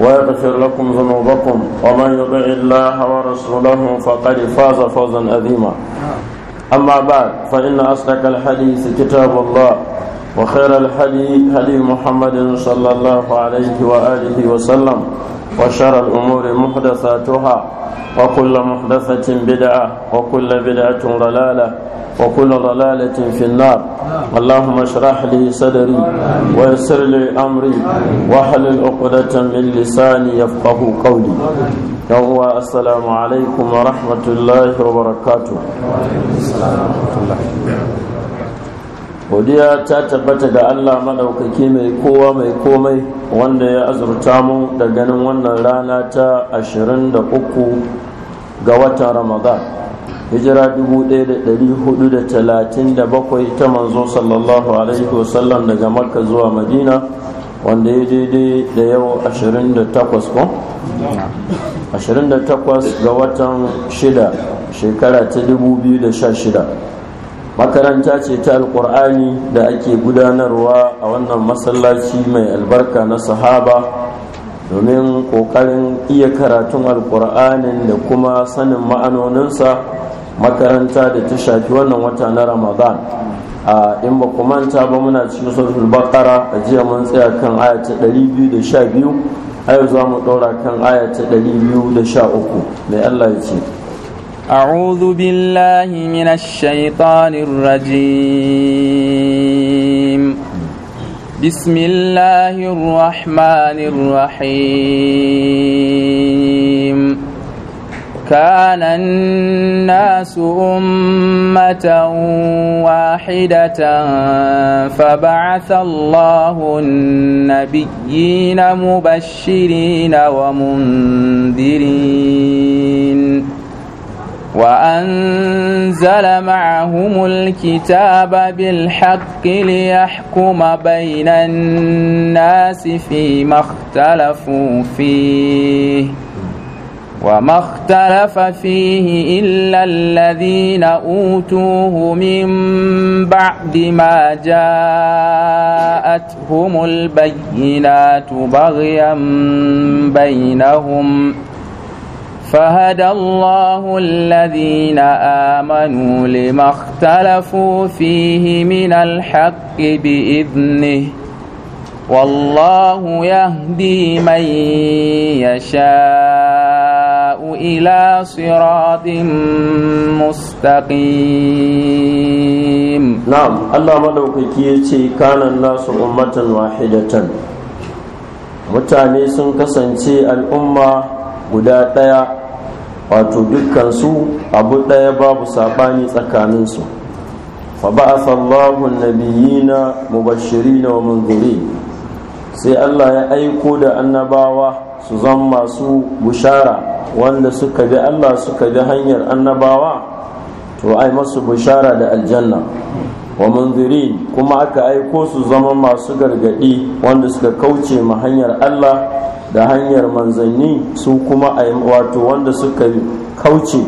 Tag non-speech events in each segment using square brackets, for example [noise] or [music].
ويغفر لكم ذنوبكم ومن يطع الله ورسوله فقد فاز فوزا عظيما أما بعد فإن أصدق الحديث كتاب الله وخير الحديث هدي محمد صلى الله عليه وآله وسلم وشر الأمور محدثاتها وكل محدثة بدعة وكل بدعة ضلالة وكل ضلالة في النار اللهم اشرح لي صدري ويسر لي أمري واحلل عقدة من لساني يفقه قولي يوم السلام عليكم ورحمة الله وبركاته godiya ta tabbata ga allah maɗaukaki mai kowa mai komai wanda ya azurta mu da ganin wannan rana ta 23 ga watan ramadan hijira 1437 ta manzo sallallahu alaihi wasallam daga makka zuwa madina wanda ya daidai da yau 28 ko? 28 ga watan 6 shekara ta 2016 makaranta ce ta alkur'ani da ake gudanarwa a wannan masallaci mai albarka na sahaba domin kokarin iya karatun alkur'anin da kuma sanin ma'anoninsa makaranta da ta shafi wannan wata na ramadan a in ba ku manta ba muna cikin suratul bakara a jiya mun tsaya kan aya ta 212 a yau za mu ɗora kan aya ta 213 mai allah ya ce أعوذ بالله من الشيطان الرجيم بسم الله الرحمن الرحيم كان الناس أمة واحدة فبعث الله النبيين مبشرين ومنذرين وأنزل معهم الكتاب بالحق ليحكم بين الناس فيما اختلفوا فيه وما اختلف فيه إلا الذين أوتوه من بعد ما جاءتهم البينات بغيا بينهم ۖ فهدى الله الذين آمنوا لما اختلفوا فيه من الحق بإذنه والله يهدي من يشاء إلى صراط مستقيم نعم الله ملوكي كيتي كان الناس أمة واحدة mutane sun الأمة al'umma guda wato dukkan su abu ɗaya babu saɓani tsakaninsu fa ba sallahu nabiyina mubashirina wa munziri sai Allah ya aiko da annabawa su zan masu bushara wanda suka bi Allah suka bi hanyar annabawa to ai masu bushara da aljanna wa munziri kuma aka aiko su zama masu gargadi wanda suka kauce ma hanyar Allah da hanyar manzanni su kuma wato wanda suka kauce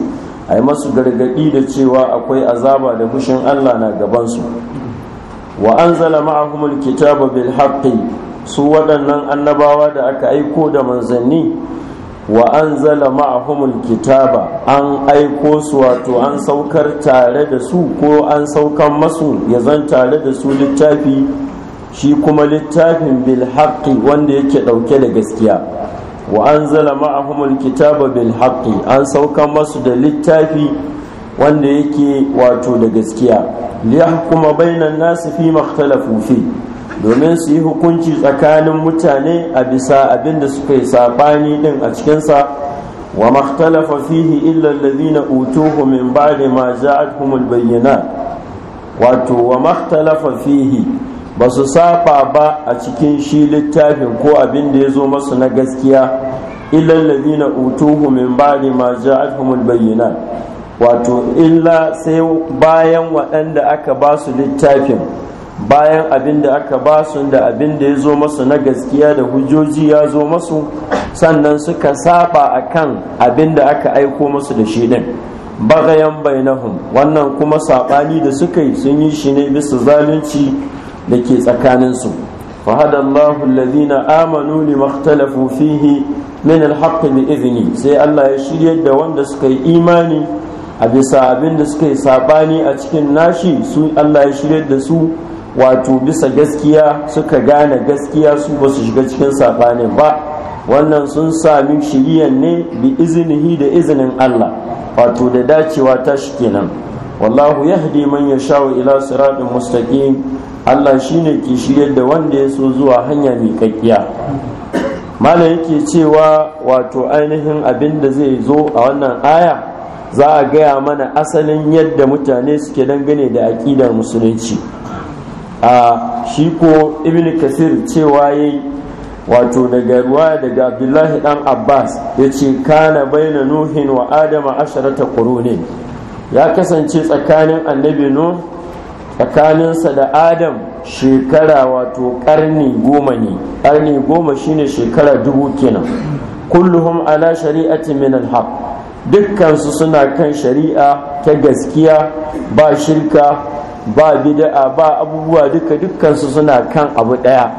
a yi masu gargaɗi da cewa akwai azaba da fushin Allah na gabansu wa an zala ma'ahumul kitaba bil haqqi su waɗannan annabawa da aka aiko da manzanni wa an zala ma'ahumul kitaba an aiko su wato an saukar tare da su ko an saukan masu ya zan tare da su littafi shi kuma littafin bil wanda yake ɗauke da gaskiya wa anzala ma'ahumul kitaba bil an sauka masu da littafi wanda yake wato da gaskiya liyahkuma bainan nasu fi makhtalafu fi domin su yi hukunci tsakanin mutane a bisa abin da suka yi saɓani din a cikinsa wa makhtalafa fihi illa allazina utuhu min ba'di ma humul bayyana wato wa makhtalafa fihi ba su saba ba a cikin shi littafin ko abin da ya zo masu na gaskiya ilallabi na utuhu min ne ma alhamul bayyana wato illa sai bayan waɗanda aka ba su littafin bayan abin da aka ba su da abin da ya zo masu na gaskiya da hujjoji ya zo masu sannan suka saba a kan abin da aka aiko masu da shi din bagayan bainahum wannan kuma saɓani da suka yi sun yi shi ne bisa zalunci da ke fa fahad allahu alladhina amanu li ikhtalafu fihi min alhaqqi bi idhni sai allah ya shirye da wanda suka yi imani a bisa abin da suka yi sabani a cikin nashi su allah ya shirye da su wato bisa gaskiya suka gane gaskiya su ba su shiga cikin sabanin ba wannan sun sami shiriyan ne bi iznihi da izinin allah wato da dacewa ta shi kenan wallahu yahdi man yasha ila siratin mustaqim Allah shi ne ke shigar da wanda ya so zuwa hanya miƙaƙƙiya mala yake cewa wato ainihin abin da zai zo a wannan aya za a gaya mana asalin yadda mutane suke dangane da aƙidar musulunci a shi ko ibn kasir cewa yi wato daga ruwa daga abdullahi ɗan abbas ya ce kana baina nuhin wa adama asharata ne? ya kasance tsakanin annabi nuh tsakaninsa da adam shekara wato karni goma ne karni goma shine shekara dubu kenan kulluhum ala shari'ati min alhaq dukkansu suna kan shari'a ta gaskiya ba shirka ba bid'a ba abubuwa duka dukkansu suna kan abu daya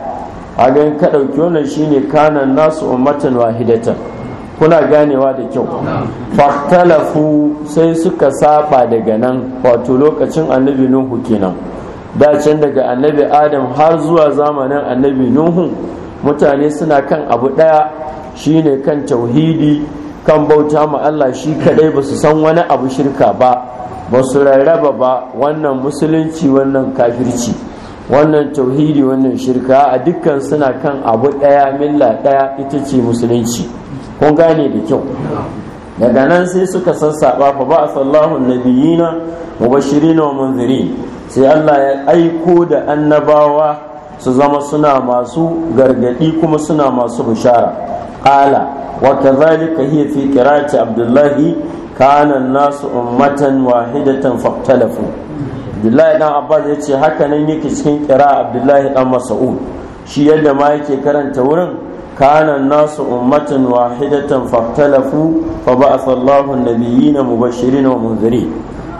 a ka ɗauki wannan shine kanan nasu ummatan wahidatan kuna ganewa da kyau fahtalafu sai suka saba daga nan wato lokacin annabi nuhu kenan dacin daga annabi adam har zuwa zamanin annabi nuhu mutane suna kan abu ɗaya shine kan tauhidi kan bauta ma Allah shi kadai ba su san wani abu shirka ba ba su rarraba ba wannan musulunci wannan kafirci wannan tauhidi wannan shirka a dukkan suna kan abu ɗaya milla ɗaya ita ce musulunci kun gane da kyau daga nan sai suka sassaɓa fa ba sallahu nabiyina mubashirin wa munzirin sai Allah ya aiko da annabawa su zama suna masu gargadi kuma suna masu bishara qala wa kadhalika hiya fi qira'ati abdullahi kana nasu ummatan wahidatan faqtalafu abdullahi dan abbas yace ce haka nan yake cikin kira abdullahi dan mas'ud shi yadda ma yake karanta wurin كان الناس أمة واحدة فاختلفوا فبعث الله النبيين مبشرين ومنذرين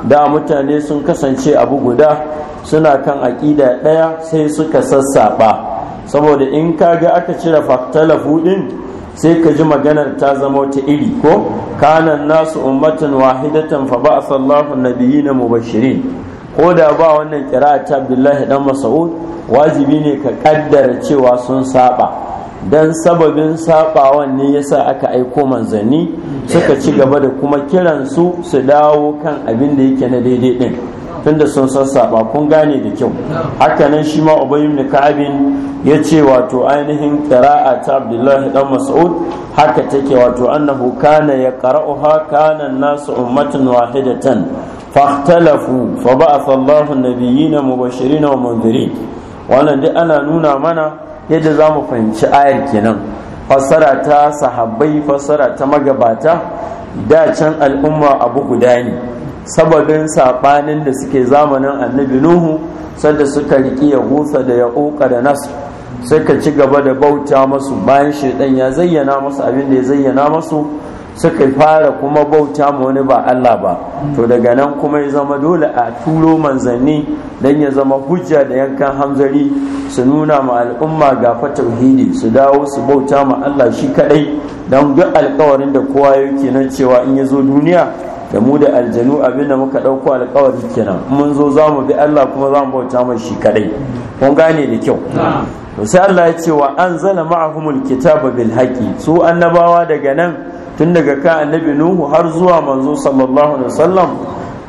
da mutane sun kasance abu guda suna kan aƙida ɗaya sai suka sassaɓa saboda in kaga aka cire faktalafu ɗin sai ka ji maganar ta zama wata iri ko kanan nasu ummatan wahidatan fa ba sallahu na mubashirin ko da ba wannan kira ta abdullahi dan masa'ud wajibi ne ka kaddara cewa sun saba dan sababin sabawan ne yasa aka aiko manzanni suka ci gaba da kuma kiransu su dawo kan abin da yake na daidai din tunda sun san saba kun gane da kyau haka nan shi ma ubay ibn ka'abin ya ce wato ainihin qira'a ta abdullahi dan mas'ud haka take wato annahu kana ya qara'uha kana nasu ummatan wahidatan fahtalafu fa ba'atha Allahu nabiyina nabiyyina mubashirin wa mundhirin wannan duk ana nuna mana yadda za mu fahimci ayar kenan fassara ta sahabbai fassara ta magabata da can al'umma abu guda ne sababin saɓanin da suke zamanin annabi nuhu sanda suka riƙi ya husa da ya ƙoƙa da nasu suka ci gaba da bauta masu bayan shaidan ya zayyana masu abin da ya zayyana masu suka fara kuma bauta ma wani ba Allah ba to daga nan kuma ya zama dole a turo manzanni don ya zama hujja da yankan hamzari su nuna ma al'umma ga tauhidi su dawo su bauta ma Allah shi kadai don duk alkawarin da kowa yake nan cewa in ya zo duniya da mu da aljanu abin da muka ɗauko alkawari kenan mun zo za mu bi Allah kuma za mu bauta mai shi kadai kun gane da kyau to sai Allah ya ce wa anzala ma'ahumul kitaba bil haqi su annabawa daga nan tun daga kan annabi nuhu har zuwa manzo sallallahu alaihi wasallam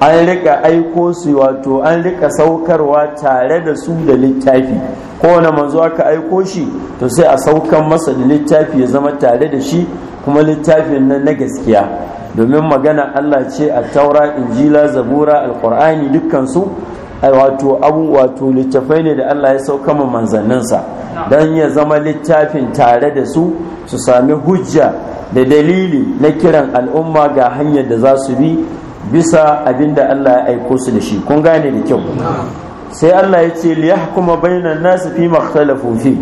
an rika aiko su wato an rika saukarwa tare da su da littafi kowane manzo aka aiko shi to sai a saukan masa da littafi ya zama tare da shi kuma littafin nan na gaskiya domin magana Allah ce a taura injila zabura dukkan su wato abu wato littafai ne da Allah ya sauka ma manzanninsa don ya zama littafin tare da su su sami hujja da dalili na kiran al'umma ga hanyar da za su bi bisa abinda Allah ya aiko su da shi kun gane da kyau sai Allah ya ce liyahkuma bainan nasu fi makhtalafu fi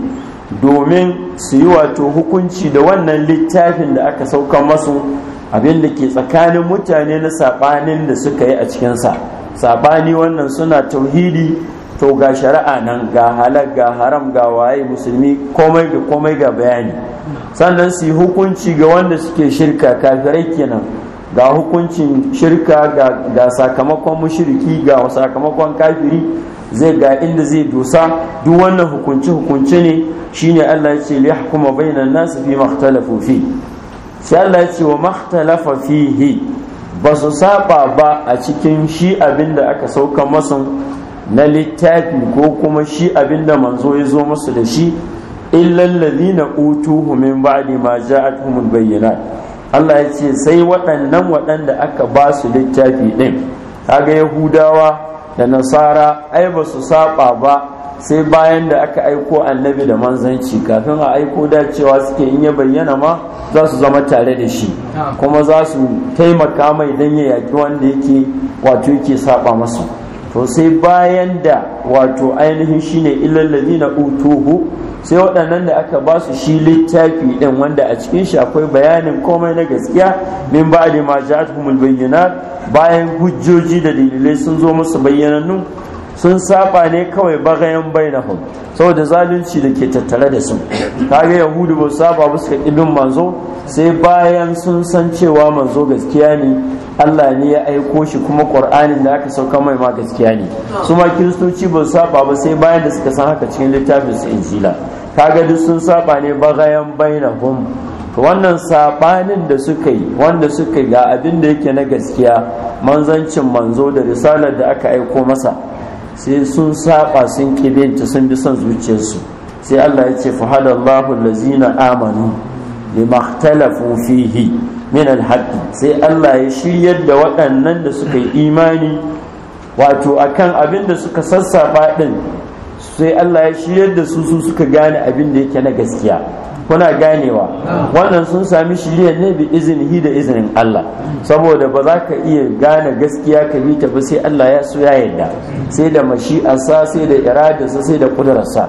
domin su yi wato hukunci da wannan littafin da aka sauka masu abin da ke tsakanin mutane na saɓanin da suka yi a cikinsa sabani wannan suna tauhidi to ga shari'a nan ga halar ga haram ga waye musulmi komai ga komai ga bayani sannan su yi hukunci ga wanda suke shirka kafirai kenan ga hukuncin shirka ga sakamakon mushriki ga sakamakon kafiri zai ga inda zai dusa duk wannan hukunci hukunci ne shine Allah ya ce li hukuma bainan nas fi makhtalafu fi sai Allah ya ce wa makhtalafa fihi ba su saba ba a cikin shi abin da aka sauka masu na littafi ko kuma shi abin da manzo ya zo masu da shi illal na utuhu min ba'di ma ja'atuhumul bayyana. Allah ya ce sai waɗannan waɗanda aka ba su littafi ɗin kaga yahudawa da nasara ai ba su saba ba sai bayan da aka aiko annabi da manzanci kafin a aiko da cewa suke in ya bayyana ma za su zama tare da shi kuma za su taimaka mai don ya yaki wanda yake wato yake saba masa to sai bayan da wato ainihin shine ilallazi na utuhu sai waɗannan da aka ba su shi littafi ɗin wanda a cikin shi akwai bayanin komai na gaskiya min ba da ma bayyana bayan hujjoji da dalilai sun zo musu bayyanannu sun saba ne kawai bagayen bainahum saboda zalunci da ke tattare da su kaga yahudu ba saba ba suka kibin manzo sai bayan sun san cewa manzo gaskiya ne Allah ne ya aiko shi kuma Qur'anin da aka sauka mai ma gaskiya ne su ma kiristoci ba saba ba sai bayan da suka san haka cikin littafin su injila kaga duk sun saba ne bagayen bainahum wannan sabanin da suka yi wanda suka ga abin da yake na gaskiya manzancin manzo da risalar da aka aiko masa sai sun saba sun kibinta sun bi son zuciyarsu sai Allah ya ce fahadallahu lazina amanu limahtalafu fihi min alhaqi sai Allah ya shiryar da waɗannan da suka yi imani wato akan abin da suka sassafa din sai Allah ya shiryar da su su suka gane abin da yake na gaskiya kuna ganewa wannan sun sami shirya ne bi izinihi da izinin Allah saboda ba za ka iya gane gaskiya ka bi ta ba sai Allah ya so ya yarda sai da mashi'arsa sai da iradarsa sai da kudurarsa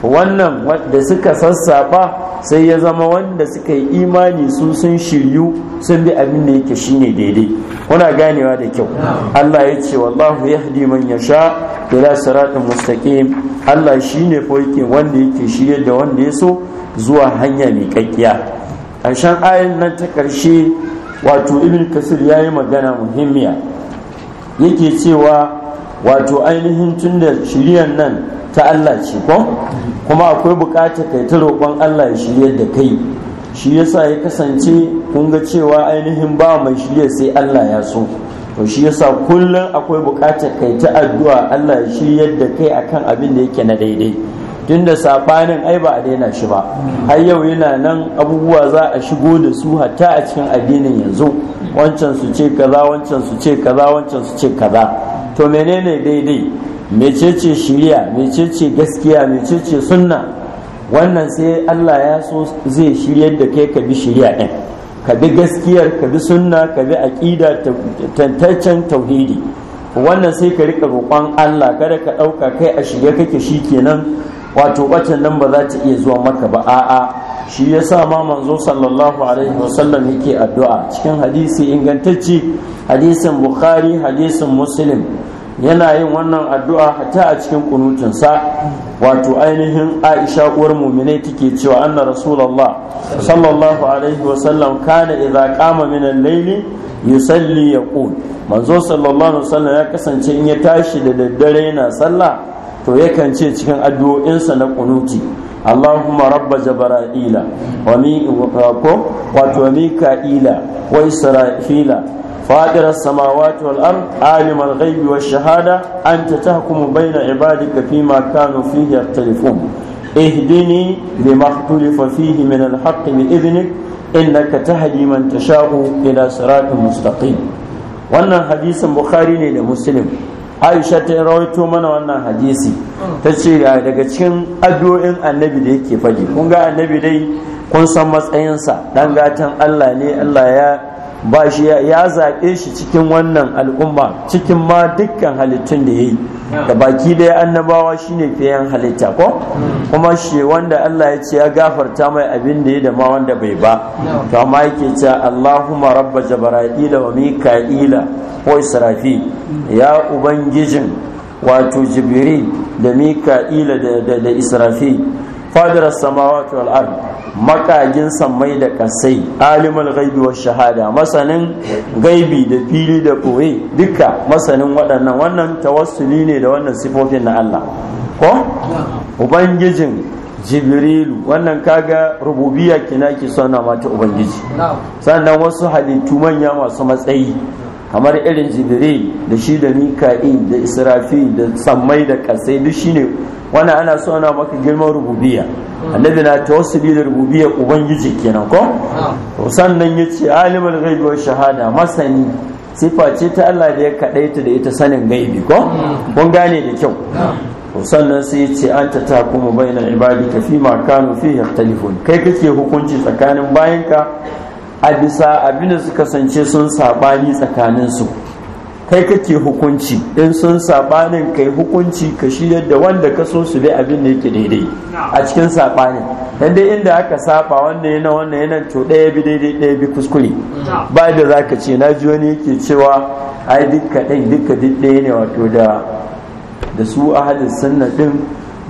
wannan da suka sassafa sai ya zama wanda suka yi imani su sun shiryu sun bi abin da yake shine daidai kuna ganewa da kyau Allah ya ce wallahu yahdi man yasha ila siratin mustaqim Allah shine fa yake wanda yake shirye da wanda ya so zuwa hanya miƙaƙƙiya ƙarshen ayin nan ta ƙarshe wato ibn kasir ya yi magana muhimmiya yake cewa wato ainihin tun da shiriyar nan ta Allah ce ko kuma akwai bukatar kai ta roƙon Allah ya shirya da kai shi yasa ya kasance kun ga cewa ainihin ba mai shirya sai Allah ya so to shi yasa kullum akwai bukatar kai ta addu'a Allah ya shiryar da kai akan abin da yake na daidai tunda sabanin ai ba a daina shi ba har yau yana nan abubuwa za a shigo da su hatta a cikin addinin yanzu wancan su ce kaza wancan su ce kaza wancan su ce kaza to menene daidai mecece shiriya mecece gaskiya mecece sunna wannan sai Allah ya so zai shiryar da kai ka bi shiriya din ka bi gaskiyar ka bi sunna ka bi aqida tantancen tauhidi wannan sai ka rika roƙon Allah kada ka ɗauka kai a shirye kake kenan. wato bacin nan ba za ta iya zuwa maka ba a'a shi ya sa ma manzo sallallahu alaihi wasallam yake addu'a cikin hadisi ingantacci hadisin bukhari hadisin muslim yana yin wannan addu'a hatta a cikin kunutunsa wato ainihin aisha uwar muminai take cewa anna rasulullah sallallahu alaihi wasallam kana idza qama min al-layli yusalli yaqul manzo sallallahu alaihi wasallam ya kasance in ya tashi da daddare yana sallah to yakan ce cikin addu'o'insa na kunuti Allahumma rabba jabara'ila wa mi wato mika'ila wa isra'ila فاطر السماوات والأرض عالم الغيب والشهادة أنت تحكم بين عبادك فيما كانوا فيه يختلفون اهدني لما اختلف فيه من الحق بإذنك إنك تهدي من تشاء إلى صراط مستقيم وأن حديث بخاري لمسلم aisha ta rawaito mana wannan hadisi ta ce daga cikin addu'o'in annabi da yake faɗi kun ga annabi dai kun san matsayinsa dan gatan allah ne allah ya ba shi ya zaɓe shi cikin wannan al'umma cikin ma dukkan halittun da ya yi da baki da ya annabawa shine fiyan halitta ko kuma shi wanda Allah ya ce ya gafarta mai abin da ya da ma wanda bai ba to amma yake ce Allahumma rabba jabara'ila wa mika'ila ko israfi ya ubangijin wato jibiri da mika'ila da israfi fadar samawati wal ard makagin samai da kasai alimul ghaibi wa shahada masanin gaibi da fili da koye duka masanin waɗannan wannan tawassuli ne da wannan sifofin na Allah ko ubangijin jibrilu wannan kaga rububiya kina ki sona mata ubangiji sannan wasu halittu manya masu matsayi kamar irin jibril da shi da nikai da israfi da samai da kasai duk shine wannan ana so na maka girman rububiya annabi na tawassuli da rububiya ubangiji kenan ko to sannan yace alimul ghaibi wa shahada masani sifa ce ta Allah da ya kadaita da ita sanin gaibi ko kun gane da kyau to sannan sai yace an ta kuma bainal ka fi ma kanu ya yakhtalifun kai kake hukunci tsakanin bayanka a bisa abinda da suka sance sun sabani tsakaninsu kai kake hukunci in sun sabanin kai hukunci ka shi yadda wanda ka so su bi abin da yake daidai a cikin sabanin yadda inda aka saba wanda yana wannan yana to daya bi daidai daya bi kuskure ba da za ka ce na ji wani yake cewa ai dukka ɗin dukka duk ɗaya ne wato da su ahalin sunna din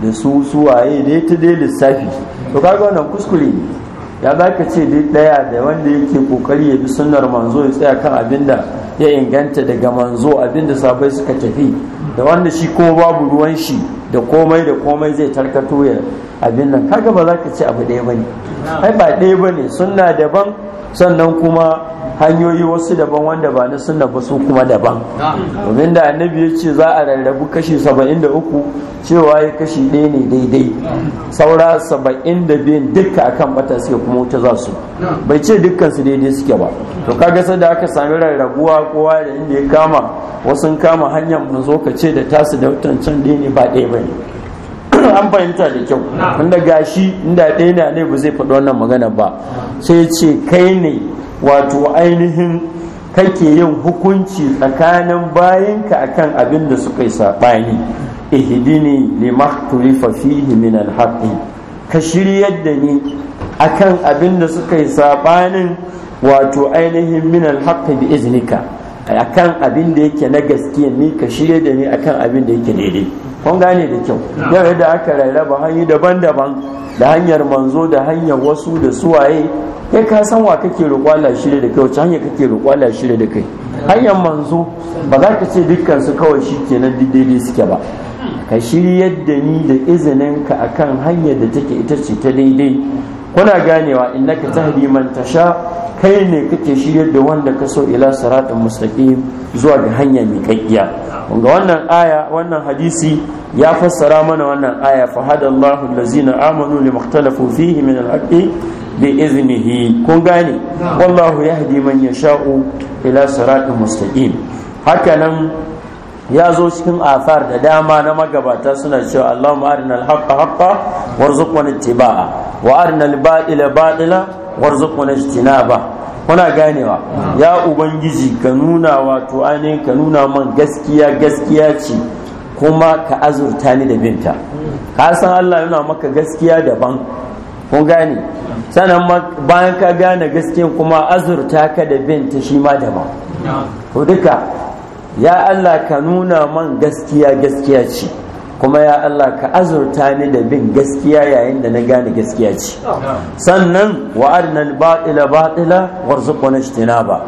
da su suwaye ne ta dai lissafi to kaga wannan kuskure ne ya ka ce duk ɗaya da wanda yake kokari ya bi sunnar manzo ya tsaya kan abin da ya inganta daga manzo abinda sabai suka tafi da wanda shi ko babu ruwan shi da komai da komai zai tarkato ya abin nan kaga ba za ka ci abu ɗaya ba ai ba ɗaya ba ne suna daban sannan kuma hanyoyi wasu daban wanda ba na sunna ba su kuma daban domin da annabi ya ce za a rarrabu kashi 73 cewa ya kashi ɗaya ne daidai saura da biyan duka akan bata suke kuma wuta za su bai ce dukkan su daidai suke ba to kaga sai da aka sami rarrabuwa kowa da inda ya kama wasu kama hanyar manzo ka ce da tasu da can ɗaya ne ba ɗaya ba ne [clears throat] an fahimta da kyau wanda gashi inda ɗaya na ne ba zai faɗi wannan magana ba sai ce kai ne wato ainihin kake yin hukunci tsakanin bayanka akan abin da suka yi saɓani ihdini limakhtulifa fihi min alhaqi ka shiryar da ni akan abin da suka yi saɓanin wato ainihin min alhaqi bi iznika akan abin da yake na gaskiya ni ka shirya da ni akan abin da yake daidai kun gane da kyau yau yadda aka rarraba hanyoyi daban-daban da hanyar manzo da hanyar wasu da suwaye kai ka san wa kake roƙwala shirya da kai wacce hanyar kake roƙwala shirya da kai hanyar manzo ba za ka ce dukkan su kawai shi kenan duk daidai suke ba ka shirya da ni da izinin ka akan hanyar da take ita ce ta daidai kuna ganewa innaka tahdi man tasha kai ne kake shirya da wanda ka so ila saratun mustaqim zuwa ga hanya mai kaiya ga wannan aya wannan hadisi ya fassara mana wannan aya fa hadallahu allazina amanu limakhtalafu fihi min alhaqi bi iznihi kun gane wallahu yahdi man yasha'u ila siratin mustaqim haka nan ya zo cikin afar da dama na magabata suna cewa Allahumma arina al-haqqa haqqa warzuqna ittiba'a wa arina al-batila batila warzuqna ijtinaba kuna ganewa ya ubangiji ka nuna wato ane ka nuna man gaskiya gaskiya ce kuma ka azurta ni da binta ka san Allah yana maka gaskiya daban kun gane sannan bayan ka gane gaskiya kuma azurta ka da binta shi ma daban ko duka ya Allah ka nuna man gaskiya gaskiya ce kuma ya Allah ka azurta ni da bin gaskiya yayin da na gane gaskiya ce sannan wa arnal batila batila warzuqna ijtinaba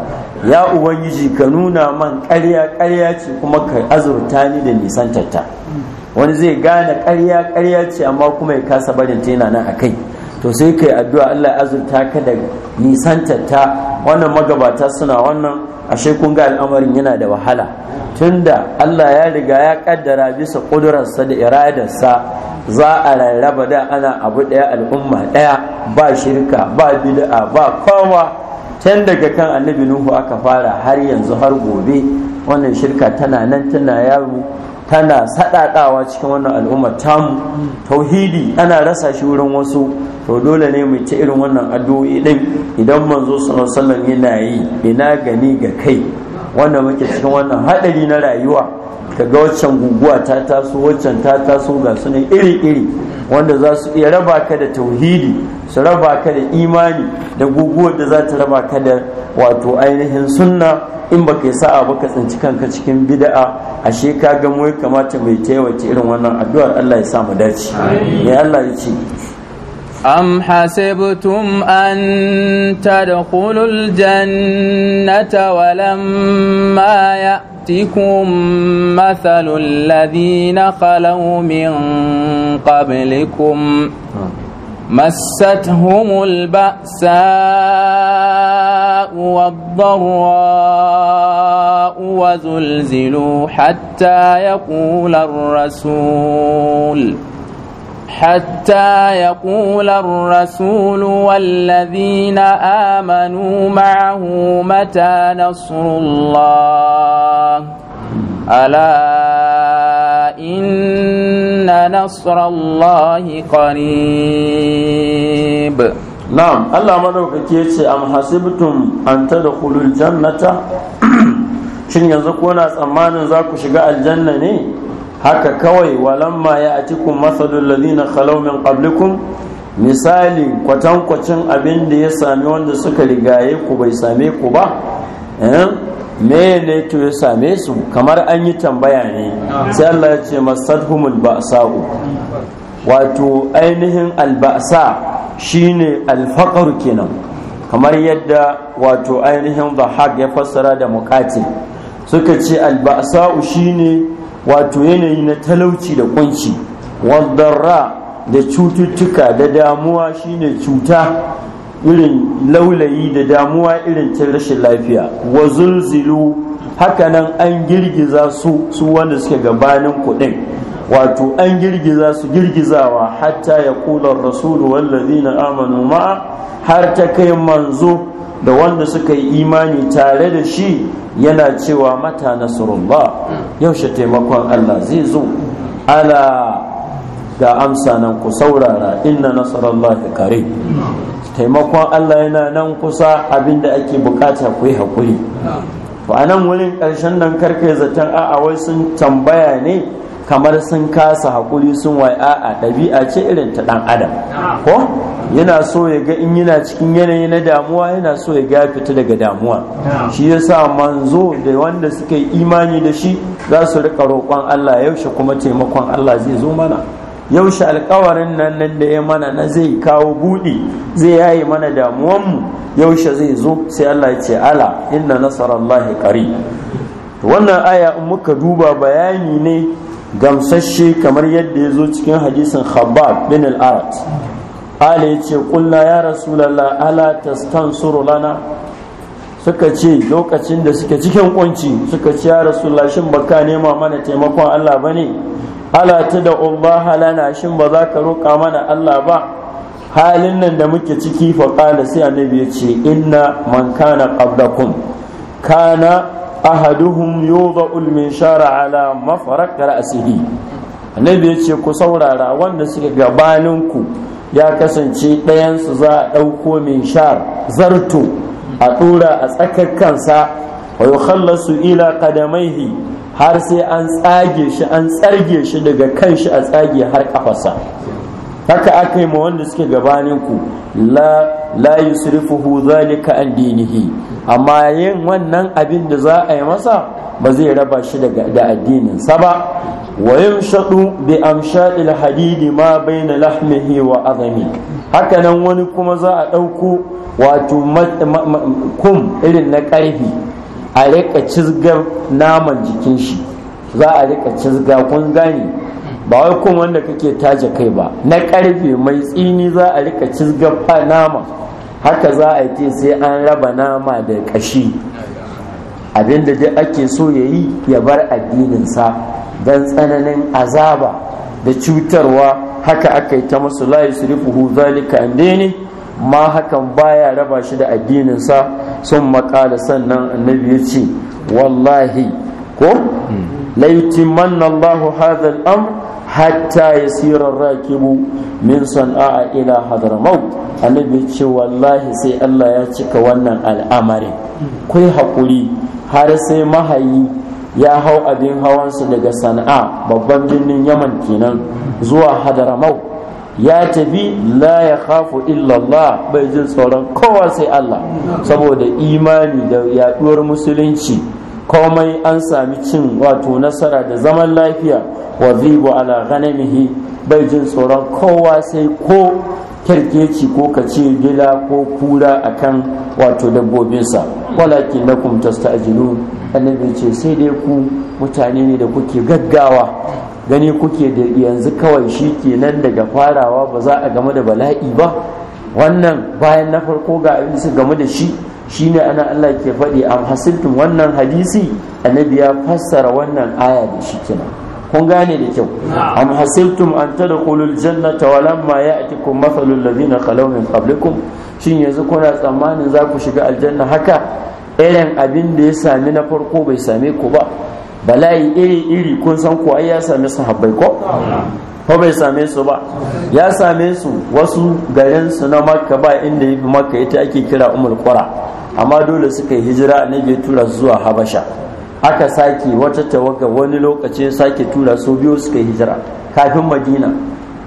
ya ubangiji ka nuna man ƙarya ƙarya ce kuma ka azurta ni da nisantarta wani zai gane ƙarya ƙarya ce amma kuma ya kasa barin ta yana nan akai to sai kai addu'a Allah ya azurta ka da nisantarta wannan magabata suna wannan ashe kun ga al'amarin yana da wahala tunda Allah ya riga ya kaddara bisa kudurarsa da iradarsa za a rarraba da ana abu daya al'umma daya ba shirka ba bid'a ba kowa tun daga kan annabi nuhu aka fara har yanzu har gobe wannan shirka tana nan tana yaro tana saɗaɗawa cikin wannan al'ummar tamu tauhidi ana rasa shi wurin wasu to dole ne mu ci irin wannan addu'o'i din idan manzo sallallahu yana yi ina gani ga kai wanda muke cikin wannan hadari na rayuwa ka ga waccan guguwa ta taso waccan ta taso ga su ne iri-iri wanda za su iya raba ka da tauhidi su raba ka da imani da guguwar da za ta raba ka da wato ainihin sunna in ba ka yi sa'a ba ka tsinci kanka cikin bida'a ashe ka ga mu kamata mai taimaki irin wannan addu'ar Allah ya sa mu dace ya Allah ya ce am hasibtum an tadkhulul jannata wa lamma ya'tikum mathalul ladina khalu min qablikum مستهم ah. البأساء والضراء وزلزلوا حتى يقول الرسول حتى يقول الرسول والذين آمنوا معه متى نصر الله ألا إن نصر الله قريب na'am Allah madaukake ce am hasibtum an tadkhulul jannata [clears throat] shin yanzu ko na tsammanin za ku shiga aljanna ne haka kawai walamma ya atikum masalul ladina khalaw min qablikum misali kwatankwacin abin da ya sami wanda suka rigaye ku bai same ku ba eh? me ne to ya same su kamar an yi tambaya ne sai Allah ya ce masadhumul ba'sa wato ainihin alba'sa shine alfaqar kenan kamar yadda wato ainihin Haq ya fassara da muqatil suka ce alba'sa'u shine wato yanayi na talauci da kunci wadarra da cututtuka da damuwa shine cuta irin laulayi da damuwa irin ta rashin lafiya wa zulzilu hakanan an girgiza su su wanda suke gabanin kuɗin wato an girgiza su girgizawa hatta ya kula rasulu na amanu ma har ta kai manzo da wanda suka yi imani tare da shi yana cewa mata nasrullah yaushe taimakon Allah zai zo ala ga amsa nan ku saurara inna nasarallah da kare taimakon Allah yana nan kusa abinda ake bukata ku yi haƙuri to a nan wurin ƙarshen nan karkai zaton a'a wai sun tambaya ne kamar sun kasa haƙuri sun wai a'a ɗabi'a ce irin ta ɗan adam ko yana so ya ga in yana cikin yanayi na damuwa yana so ya ga fita daga damuwa shi ya sa manzo da wanda suka yi imani da shi za su riƙa roƙon Allah yaushe kuma taimakon Allah zai zo mana yaushe alkawarin nan nan da ya mana na zai kawo buɗi zai yayi mana damuwanmu yaushe zai zo sai Allah ya ce ala inna nasarallahi qari wannan aya in muka duba bayani ne gamsashe kamar yadda ya zo cikin hadisin khabbab bin al-arat ala ya ce kulna ya rasulallah ala tastansuru lana suka ce lokacin da suke cikin kunci suka ce ya rasu shin baka nema mana taimakon Allah ne ala ta da Allah lana shin ba za ka roƙa mana Allah ba halin nan da muke ciki fa qala sai annabi ya ce inna man kana qablakum kana ahaduhum yudha ulminshara ala mafarak ra'sihi annabi yace ku saurara wanda suke gabaninku ya kasance ɗayan su za a ɗauko minshar zarto a ɗora a tsakar kansa wa yukhallasu ila qadamaihi har sai an tsage shi an tsarge shi daga kanshi a tsage har kafasa haka aka yi ma wanda suke gabaninku. la la yusrifuhu zalika an dinihi amma yin wannan abin da za a yi masa ba zai raba shi daga da addinin sa ba wa yamshadu bi amshadil hadidi ma baina lahmihi wa azami haka nan wani kuma za a ɗauko wato kum irin na karfi a rika cizgar naman jikin shi za a rika cizga kun gane ba wai kun wanda kake taje kai ba na karfe mai tsini za a rika cizgar nama haka za a ce sai an raba nama da ƙashi abinda da ake so ya yi ya bar addininsa don tsananin azaba da cutarwa haka aka yi ta masu layi su rufu zalika andini ma hakan baya raba shi da addininsa sun makala sannan annabi ya ce wallahi ko hmm. laifin manna Allahu hadha al hatta ya sirar rakibu min san'a ila hadramaut annabi ce wallahi sai Allah ya cika wannan al'amarin kai haƙuri har sai mahayi ya hau abin hawansa daga sana'a babban birnin yaman kenan zuwa hadramaut ya tafi la ya khafu illallah bai jin tsoron kowa sai Allah saboda imani da yaduwar musulunci komai an sami cin wato nasara da zaman lafiya wa zibu ala ghanamihi bai jin tsoron kowa sai ko kirkeci ko kace gila ko kura a kan wato dabbobinsa walakin lakum tasta'jilun annabi ce sai dai ku mutane ne da kuke gaggawa gani kuke da yanzu kawai shi kenan daga farawa ba za a game da bala'i ba wannan bayan na farko ga abin su game da shi Shi ne ana Allah ke faɗi a wannan hadisi annabi ya fassara wannan aya da shi kenan kun gane da kyau am hasibtum an tadkhulul jannata wa lamma ya'tikum mathalul ladina khalaw min qablikum shin yanzu kuna tsammanin za ku shiga aljanna haka irin abin da ya sami na farko bai same ku ba bala'i iri iri kun san ko ai ya same su habbai ko ko bai same su ba ya same su wasu garin su na makka ba inda yafi makka ita ake kira umul qura amma dole suka yi hijira na ya tura zuwa habasha aka sake wata tawaga wani lokaci sake tura su biyu suka yi hijira kafin madina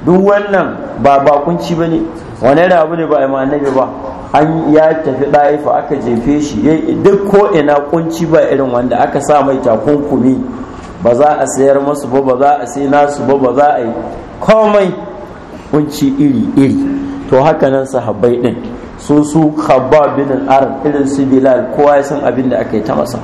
duk wannan ba bakunci ba ne wani yana abu ne ba a annabi ba an ya tafi ɗaifa aka jefe shi duk ko ina kunci ba irin wanda aka sa mai takunkumi ba za a sayar masu ba ba za a sai nasu ba ba za a yi komai kunci iri iri to haka nan sahabbai ɗin. su su khabba bin al-arab irin su bilal kowa ya san abin da aka yi ta masa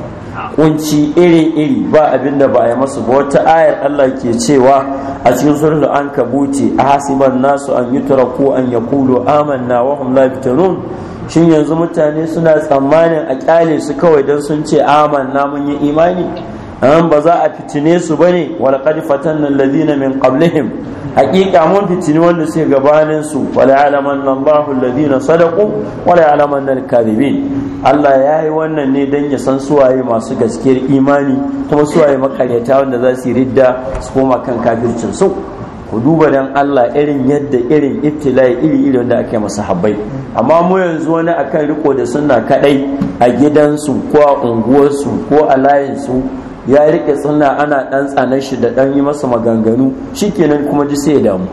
kunci iri-iri ba abin da ba ya masu ba wata ayar Allah ke cewa a cikin suratul an kabuti a hasiban nasu an yi an ya kulo amanna wa hum la shin yanzu mutane suna tsammanin a kyale su kawai dan sun ce amanna mun yi imani an ba za a fitine su bane wal qad fatanna alladhina min qablihim hakika mun fitini wanda suke gabanin su wala alaman Allahu alladhina sadaqu wala alaman al-kadhibin Allah yayi wannan ne dan ya san suwaye masu gaskiyar imani kuma suwaye makaryata wanda za su ridda su koma kan kafircin su ku duba dan Allah irin yadda irin ittila'i iri iri wanda ake masa habbai amma mu yanzu wani akan riko da sunna kadai a gidansu ko a unguwarsu ko a layinsu ya rike suna ana dan tsanan shi da dan yi masa maganganu shikenan kuma ji sai damu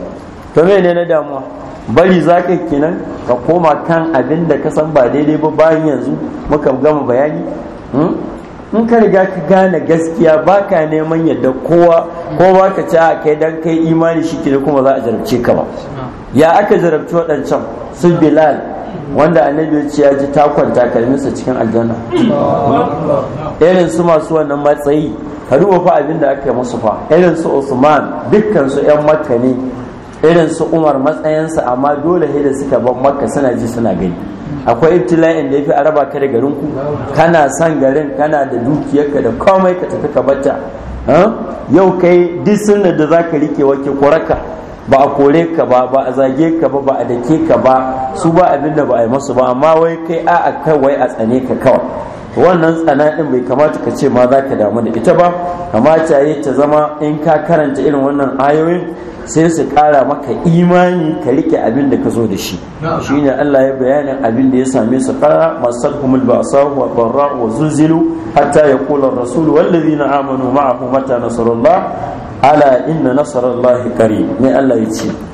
to me ne na damuwa bari za ka kenan ka koma kan abin da ka san ba daidai ba bayan yanzu muka gama bayani hmm? in ka riga ka gane gaskiya ba ka neman yadda kowa ko ba ka ci a kai dan kai imani shi kenan kuma za a jarabce ka ba ya aka jarabci waɗancan su bilal wanda annabi ya ce ya ji ta kwanta kalminsa cikin aljanna irin su masu wannan matsayi ka duba fa abin da aka musu fa irin su Usman dukkan su yan Makka ne irin su Umar matsayinsa amma dole sai da suka bar Makka suna ji suna gani akwai ibtila'in da yafi araba ka da garin ku kana san garin kana da dukiyarka da komai ka tafi ka bata yau kai duk sunan da zaka rike wake koraka ba a kore ka ba ba a zage ka ba ba a dake ka ba su ba abin da ba a yi musu ba amma wai kai a kai wai a tsane ka kawai wannan tsana din bai kamata ka ce ma za ka damu da ita ba kamata yi ta zama in ka karanta irin wannan ayoyin sai su kara maka imani ka rike abin da ka zo da shi ne Allah ya bayanin abin da ya same su kara ƙara ba ba'sa wa barra wa zulzilu hatta ya kula rasul wallazina amanu kuma mata nasrullah ala inna lahi kare ne Allah ya ce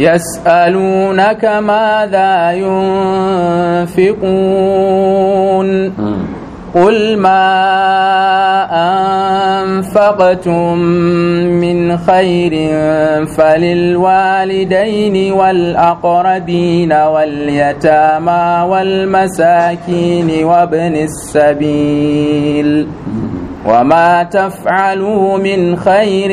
يسألونك ماذا ينفقون قل ما أنفقتم من خير فللوالدين والأقربين واليتامى والمساكين وابن السبيل وما تفعلوا من خير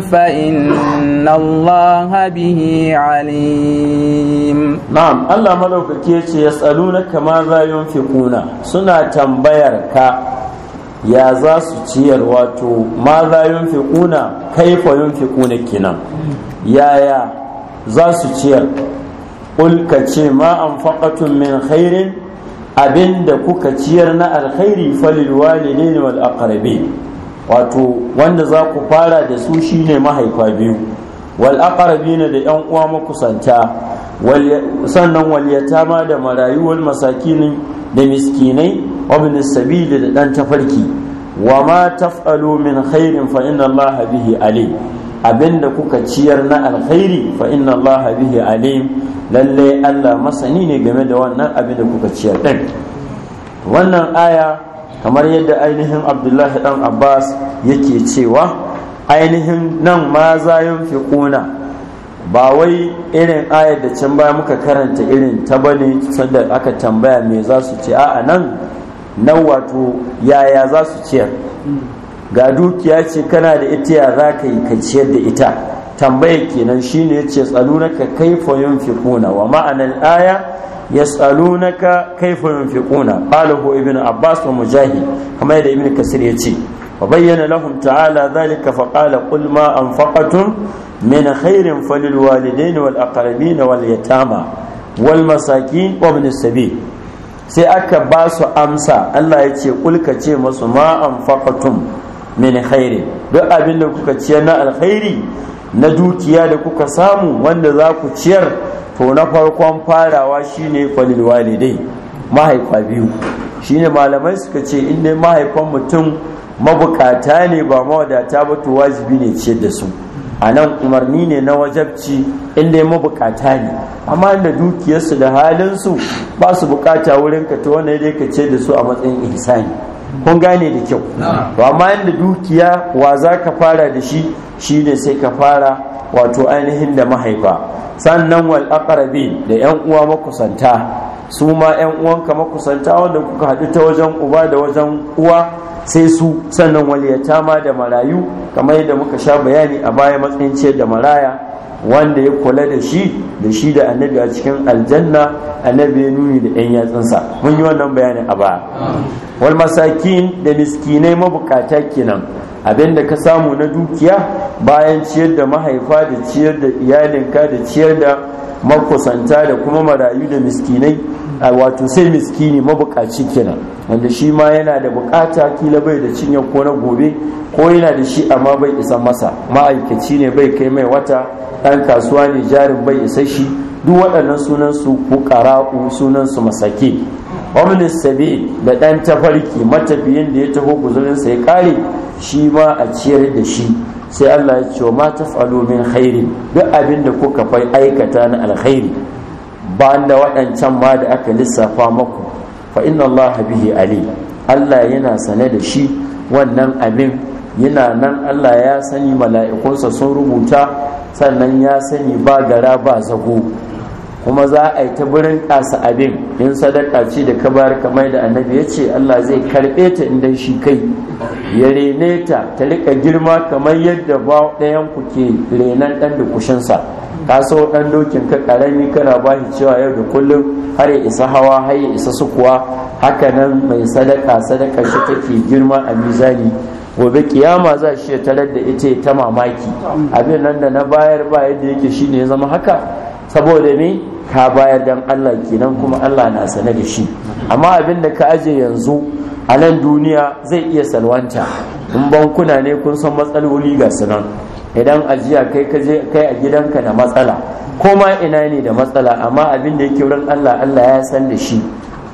فإن الله به عليم نعم الله ملوك كيش يسألونك ماذا ينفقون سنة تنبيرك يا زاس تير واتو ماذا ينفقون كيف ينفقون كنا يا يا زاس تير قل كتشي ما أنفقتم من خير abin da kuka ciyar na alkhairi falil ne wal aqrabi wato wanda za ku fara da su shine mahaifa biyu wal ne da yan uwa makusanta sannan wal yatama da marayu wal masakin da miskinai wa bin sabili da dan tafarki wa ma taf'alu min khairin fa inna allaha bihi alim abinda kuka ciyar na alkhairi fa inna Allah bihi alim lalle Allah masani ne game da wannan abinda kuka ciyar din wannan aya kamar yadda ainihin Abdullahi dan Abbas yake cewa ainihin nan ma zayin fiquna ba wai irin ayar da can baya muka karanta irin ta bane sanda aka tambaya me za su ce a'a nan nan wato yaya za su ciyar ga dukiya ce kana da ita ya za ka yi ka ciyar da ita tambaya kenan shine ya ce tsalunaka kaifa fikuna wa ma'anar aya tsalunaka kaifa yunfiquna fikuna hu ibn abbas wa mujahid kamar yadda ibn kasir ya ce wa bayyana lahum ta'ala zalika fa qala qul ma anfaqatum min khairin falil walidain wal aqrabin wal yatama wal masakin wa ibn sabil sai aka ba su amsa Allah ya ce kulka ce masu ma anfaqatum min khairin duk abin da kuka ciyar na alkhairi na dukiya da kuka samu wanda za ku ciyar to na farkon farawa shine falil walidai mahaifa biyu shine malamai suka ce in dai mahaifan mutum mabukata ne ba mawadata ba to wajibi ne ciyar da su a nan umarni ne na wajabci in dai mabukata ne amma da dukiyarsu da halinsu ba su bukata wurin ka to wannan dai ka ce da su a matsayin ihsani kun gane da kyau to amma inda dukiya wa za ka fara da shi shi ne sai ka fara wato ainihin da mahaifa sannan wal aqrabi da yan uwa makusanta su ma yan uwanka makusanta wanda kuka haɗu ta wajen uba da wajen uwa sai su sannan wal ma da marayu kamar yadda muka sha bayani a baya matsayin ciyar da maraya wanda ya kula da shi da shi da annabi a cikin aljanna annabi ya nuni da 'yan yatsunsa mun yi wannan bayanin a baya wal masakin da miskinai mabukata kenan abin da ka samu na dukiya bayan ciyar da mahaifa da ciyar da iyalinka da ciyar da makusanta da kuma marayu da miskinai wato sai miskini mabukaci kenan wanda shi ma yana da bukata kila bai da cinya ko na gobe ko yana da shi amma bai isa masa ma'aikaci ne bai kai mai wata ɗan kasuwa ne jarin bai isa shi duk waɗannan sunan su fuqara'u sunan su masake wamin sabi da ɗan tafarki matafiyin da ya taho guzurinsa sai kare shi ma a ciyar da shi sai Allah ya ce wa ma min khairi duk abin da kuka fai aikata na alkhairi banda waɗancan ma da aka lissafa maku fa inna Allah bihi ali Allah yana sane da shi wannan abin yana nan Allah ya sani mala'ikunsa sun rubuta sannan ya sani ba gara ba zago kuma za a yi ta birin ɗasa abin in sadaka ce da kabar kamar da annabi ya ce Allah zai karɓe ta inda shi kai ya rene ta ta rika girma kamar yadda ba ɗayan ku ke renan ɗan da kushinsa ka so dan dokin ka karami kana ba shi cewa yau da kullum har ya isa hawa har ya isa sukuwa haka nan mai sadaka sadaka shi take girma a mizani gobe kiyama za shi ya tarar da ita ta mamaki abin nan da na bayar ba yadda yake shine ya zama haka saboda me ka bayar dan Allah kenan kuma Allah na sane da shi amma abin da ka aje yanzu a nan duniya zai iya salwanta in bankuna ne kun san matsaloli ga sunan idan ajiya kai kaje kai a gidanka da matsala koma ina ne da matsala amma abin da yake wurin Allah Allah ya san da shi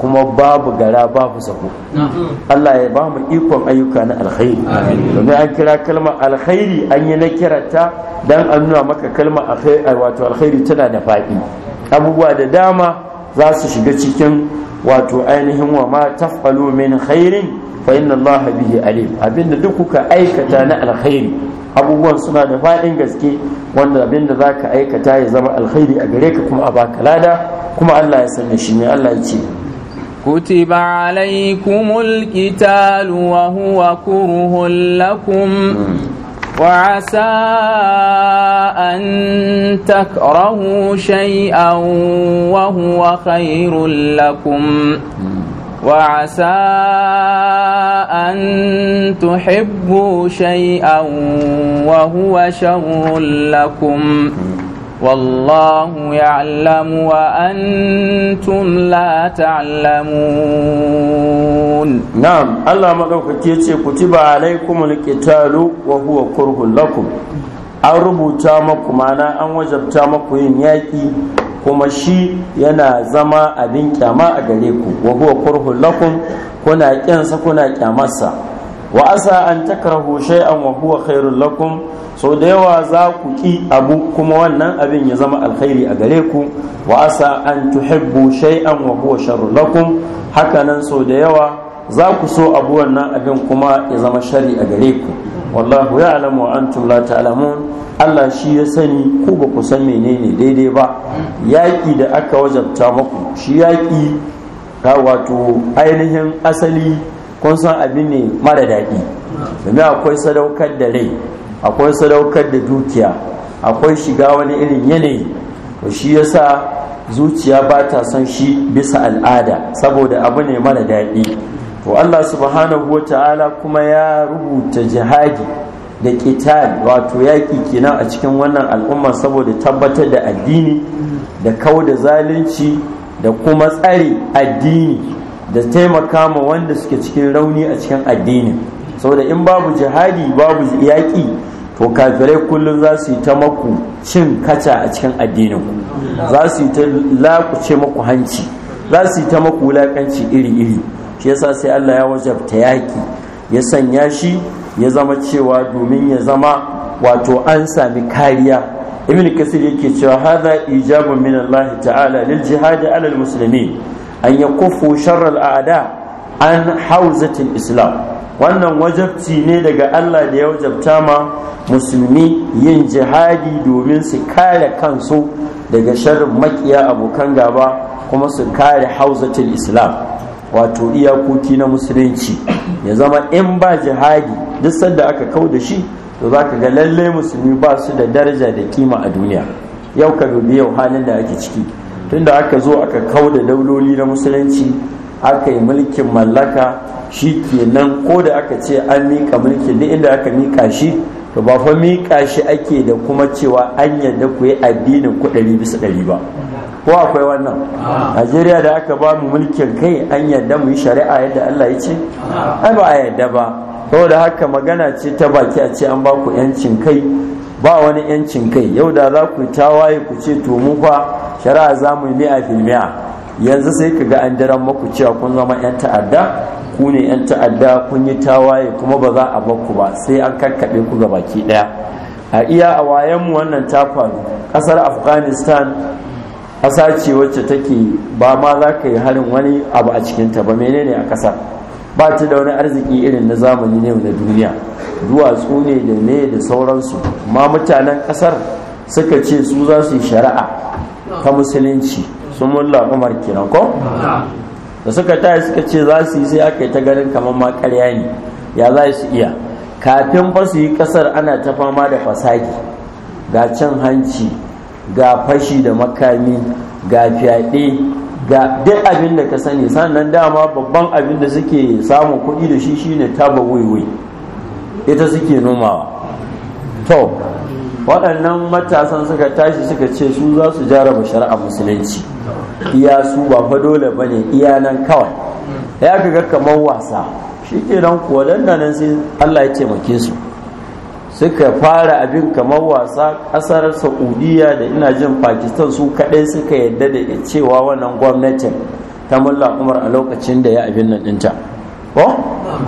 kuma babu gara babu sako Allah ya ba mu ikon ayyuka na alkhairi domin an kira kalmar alkhairi an yi na kirata dan an nuna maka kalmar wato alkhairi tana da faɗi abubuwa da dama za su shiga cikin wato ainihin wa ma taf'alu min khairin fa inna Allah bihi alim abinda duk kuka aikata na alkhairi abubuwan suna da faɗin gaske wanda abin da za ka aikata ya zama alkhairi a gare ka kuma a baka lada kuma Allah ya san shi ne Allah ya ce كتب عليكم القتال وهو كره لكم وعسى أن تكرهوا شيئا وهو خير لكم وعسى أن تحبوا شيئا وهو شر لكم والله يعلم وأنتم لا تعلمون نعم الله مدوك كيتي كتب عليكم القتال وهو كره لكم أربو تامكم أنا أن وجب تامكم ياكي kuma shi yana zama abin kyama a gare ku wa huwa kurhun lakum kuna kyansa kuna kyamarsa wa asa an takrahu shay'an wa huwa khairul lakum so da yawa za ku ki abu kuma wannan abin ya zama alkhairi a gare ku wa asa an tuhibbu shay'an wa huwa sharrul lakum hakanan sau da yawa za ku so abu wannan abin kuma ya zama shari a gare ku wallahu ya'lamu wa antum la ta'lamun Allah shi ya sani ku ba ku san menene daidai ba yaƙi da aka wajabta muku shi yaƙi ta wato ainihin asali kun san abin ne mara daɗi domin akwai sadaukar da rai akwai sadaukar da dukiya akwai shiga wani irin yanayi to shi yasa zuciya ba ta son shi bisa al'ada saboda abu ne mara daɗi wa Allah subhanahu wa ta'ala kuma ya rubuta jihadi da qital wato yaƙi kenan a cikin wannan al'umma saboda tabbatar da addini da kau da zalunci da kuma tsare addini da taimaka ma wanda suke cikin rauni a cikin addini saboda in babu jihadi babu yaƙi to kafirai kullum za su yi ta maku cin kaca a cikin addinin za su yi ta lakuce maku hanci za su yi ta maku wulaƙanci iri-iri shi yasa sai Allah ya wajabta yaki ya sanya shi ya zama cewa domin ya zama wato an sami kariya ibn kasir yake cewa hadha ijabun min Allah ta'ala lil jihad ala muslimin an yakufu sharr al aada an hawzat al islam wannan wajabci ne daga Allah da ya wajabta ma musulmi yin jihadi domin su kare kansu daga sharrin makiya abokan gaba kuma su kare hauzatul islam wato iyakoki na musulunci ya zama in ba jihadi duk sanda aka kau da shi to za ka ga lalle musulmi ba su da daraja da kima a duniya yau ka dubi yau halin da ake ciki tunda aka zo aka kau da dauloli na musulunci aka yi mulkin mallaka shi ke nan ko da aka ce an miƙa mulki duk inda aka miƙa shi to ba fa miƙa shi ake da kuma cewa an yarda ku yi addinin ku ɗari bisa ɗari ba ko akwai wannan ah. najeriya da aka ba mu mulkin kai an yadda mu yi shari'a yadda allah ya ce ah. ai ba a yadda ba saboda haka magana ce ta baki a ce an ba ku yancin kai ba wani yancin kai yau da za ku tawaye ku ce to mu fa shari'a za mu yi a filmiya mi'a yanzu sai ka ga an daren maku cewa kun zama yan ta'adda ku ne yan ta'adda kun yi tawaye kuma ba za a bakku ba sai an kakkaɓe ku ga baki ɗaya a iya a wayanmu wannan ta faru ƙasar afghanistan ƙasa ce wacce take ba ma za ka yi harin wani abu a cikinta ba mene ne a ƙasa ba ta da wani arziki irin na zamani ne na duniya duwatsu ne da ne da sauransu ma mutanen ƙasar suka ce su za su yi shari'a ta musulunci sun mulla umar kiran ko da suka taya suka ce za su yi sai aka yi ta ganin kamar ma ne ya za su iya kafin ba su yi ƙasar ana ta fama da fasaki ga cin hanci ga fashi da makami ga fyaɗe ga duk abin da ka sani sannan dama babban abin da suke samun kuɗi da shi shine taba waiwai ita suke nomawa to waɗannan matasan suka tashi suka ce su za su jaraba shari'a musulunci iya su ba fa dole ba ne iya nan kawai ya ga kamar wasa shi ke nan kuwa nan sai allah ya taimake su suka fara abin kamar wasa kasar saudiya da ina jin pakistan su kadai suka yadda da cewa wannan gwamnatin ta mulla umar a lokacin da ya abin nan dinta ko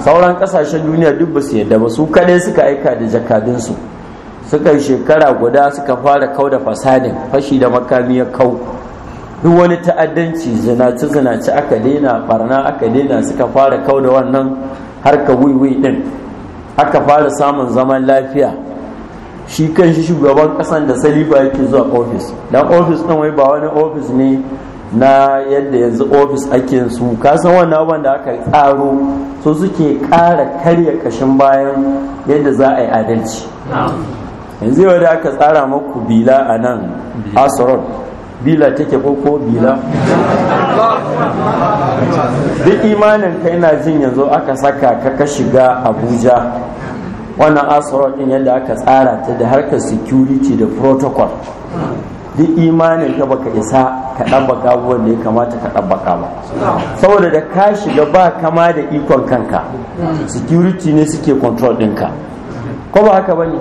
sauran kasashen duniya duk ba su yadda ba su kadai suka aika da jakadunsu suka yi shekara guda suka fara kau da fasadin fashi da makami ya kau duk wani ta'addanci zinaci zinaci aka daina barna aka daina suka fara kau da wannan harka wiwi din aka fara samun zaman lafiya shi kan shi shugaban kasan da salifa yake zuwa ofis dan ofis ɗin wai ba wani ofis ne na yadda yanzu ofis ake su kasan wannan abin da aka tsaro so suke ƙara karya kashin bayan yadda za a yi adalci yanzu yau da aka tsara maku bila a nan asorot bila take ko ko bila duk imanin kai yana jin yanzu aka saka ka ka shiga abuja wannan asirar din yadda aka tsara ta da harkar security da protocol duk imanin ka baka isa ka ɗabbaka abubuwan da ya kamata ka ɗabbaka ba saboda da ka shiga ba kama da ikon kanka security ne suke control ɗinka ko ba haka ba ne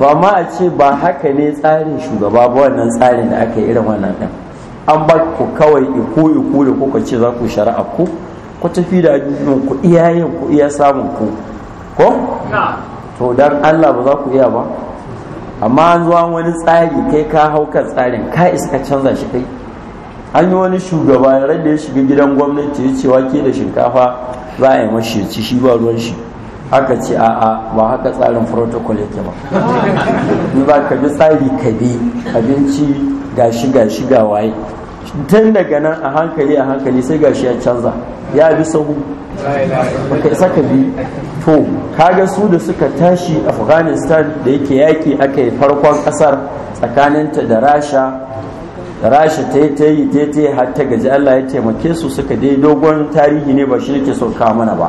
ba ma a ce ba haka ne tsarin shugaba ba wannan tsarin da aka yi irin wannan ɗin an ba ku kawai iko iko da kuka ce za ku shari'a ku ku tafi da abubuwan ku iya ku iya samun ku ko to dan Allah ba za ku iya ba amma an zuwa wani tsari kai ka hau kan tsarin ka isa canza shi kai an yi wani shugaba ya ya shiga gidan gwamnati ya cewa ke da shinkafa za a yi mashi ci shi ba ruwan shi aka ce a'a ba haka tsarin protocol yake ba in ba ka bi tsari ka bi abinci ga shiga ga waye tun daga nan a hankali a hankali sai gashi ya canza ya bi sahu baka isa ka bi to kaga su da suka tashi afghanistan da yake yaki aka yi farkon kasar tsakaninta da rasha rashi ta yi ta yi ta har ta gaji allah ya taimake su suka dai dogon tarihi ne ba shi ne so sauka mana ba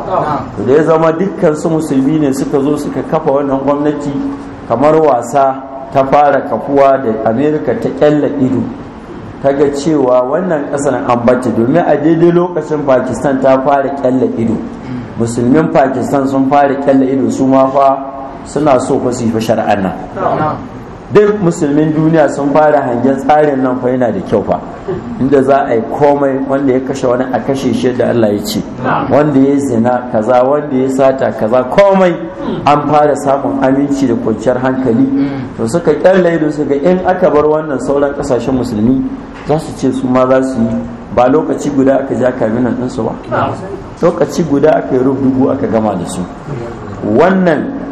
to da ya zama dukkan su musulmi ne suka zo suka kafa wannan gwamnati kamar wasa ta fara kafuwa da amerika ta kyalla ido ta ga cewa wannan kasar an bace domin a daidai lokacin pakistan ta fara kyalla ido musulmin pakistan sun fara kyalla ido su ma fa suna so fa su yi nan duk musulmin duniya sun fara hangen tsarin nan fa yana da kyau fa inda za a yi komai wanda ya kashe wani a kashe shi da Allah ya ce wanda ya zina kaza wanda ya sata kaza komai an fara samun aminci da kwanciyar hankali to suka kyalle ido suka in aka bar wannan sauran kasashen musulmi za su ce su ma za su yi ba lokaci guda aka ja kaminan ɗinsu ba lokaci guda aka yi rub aka gama da su wannan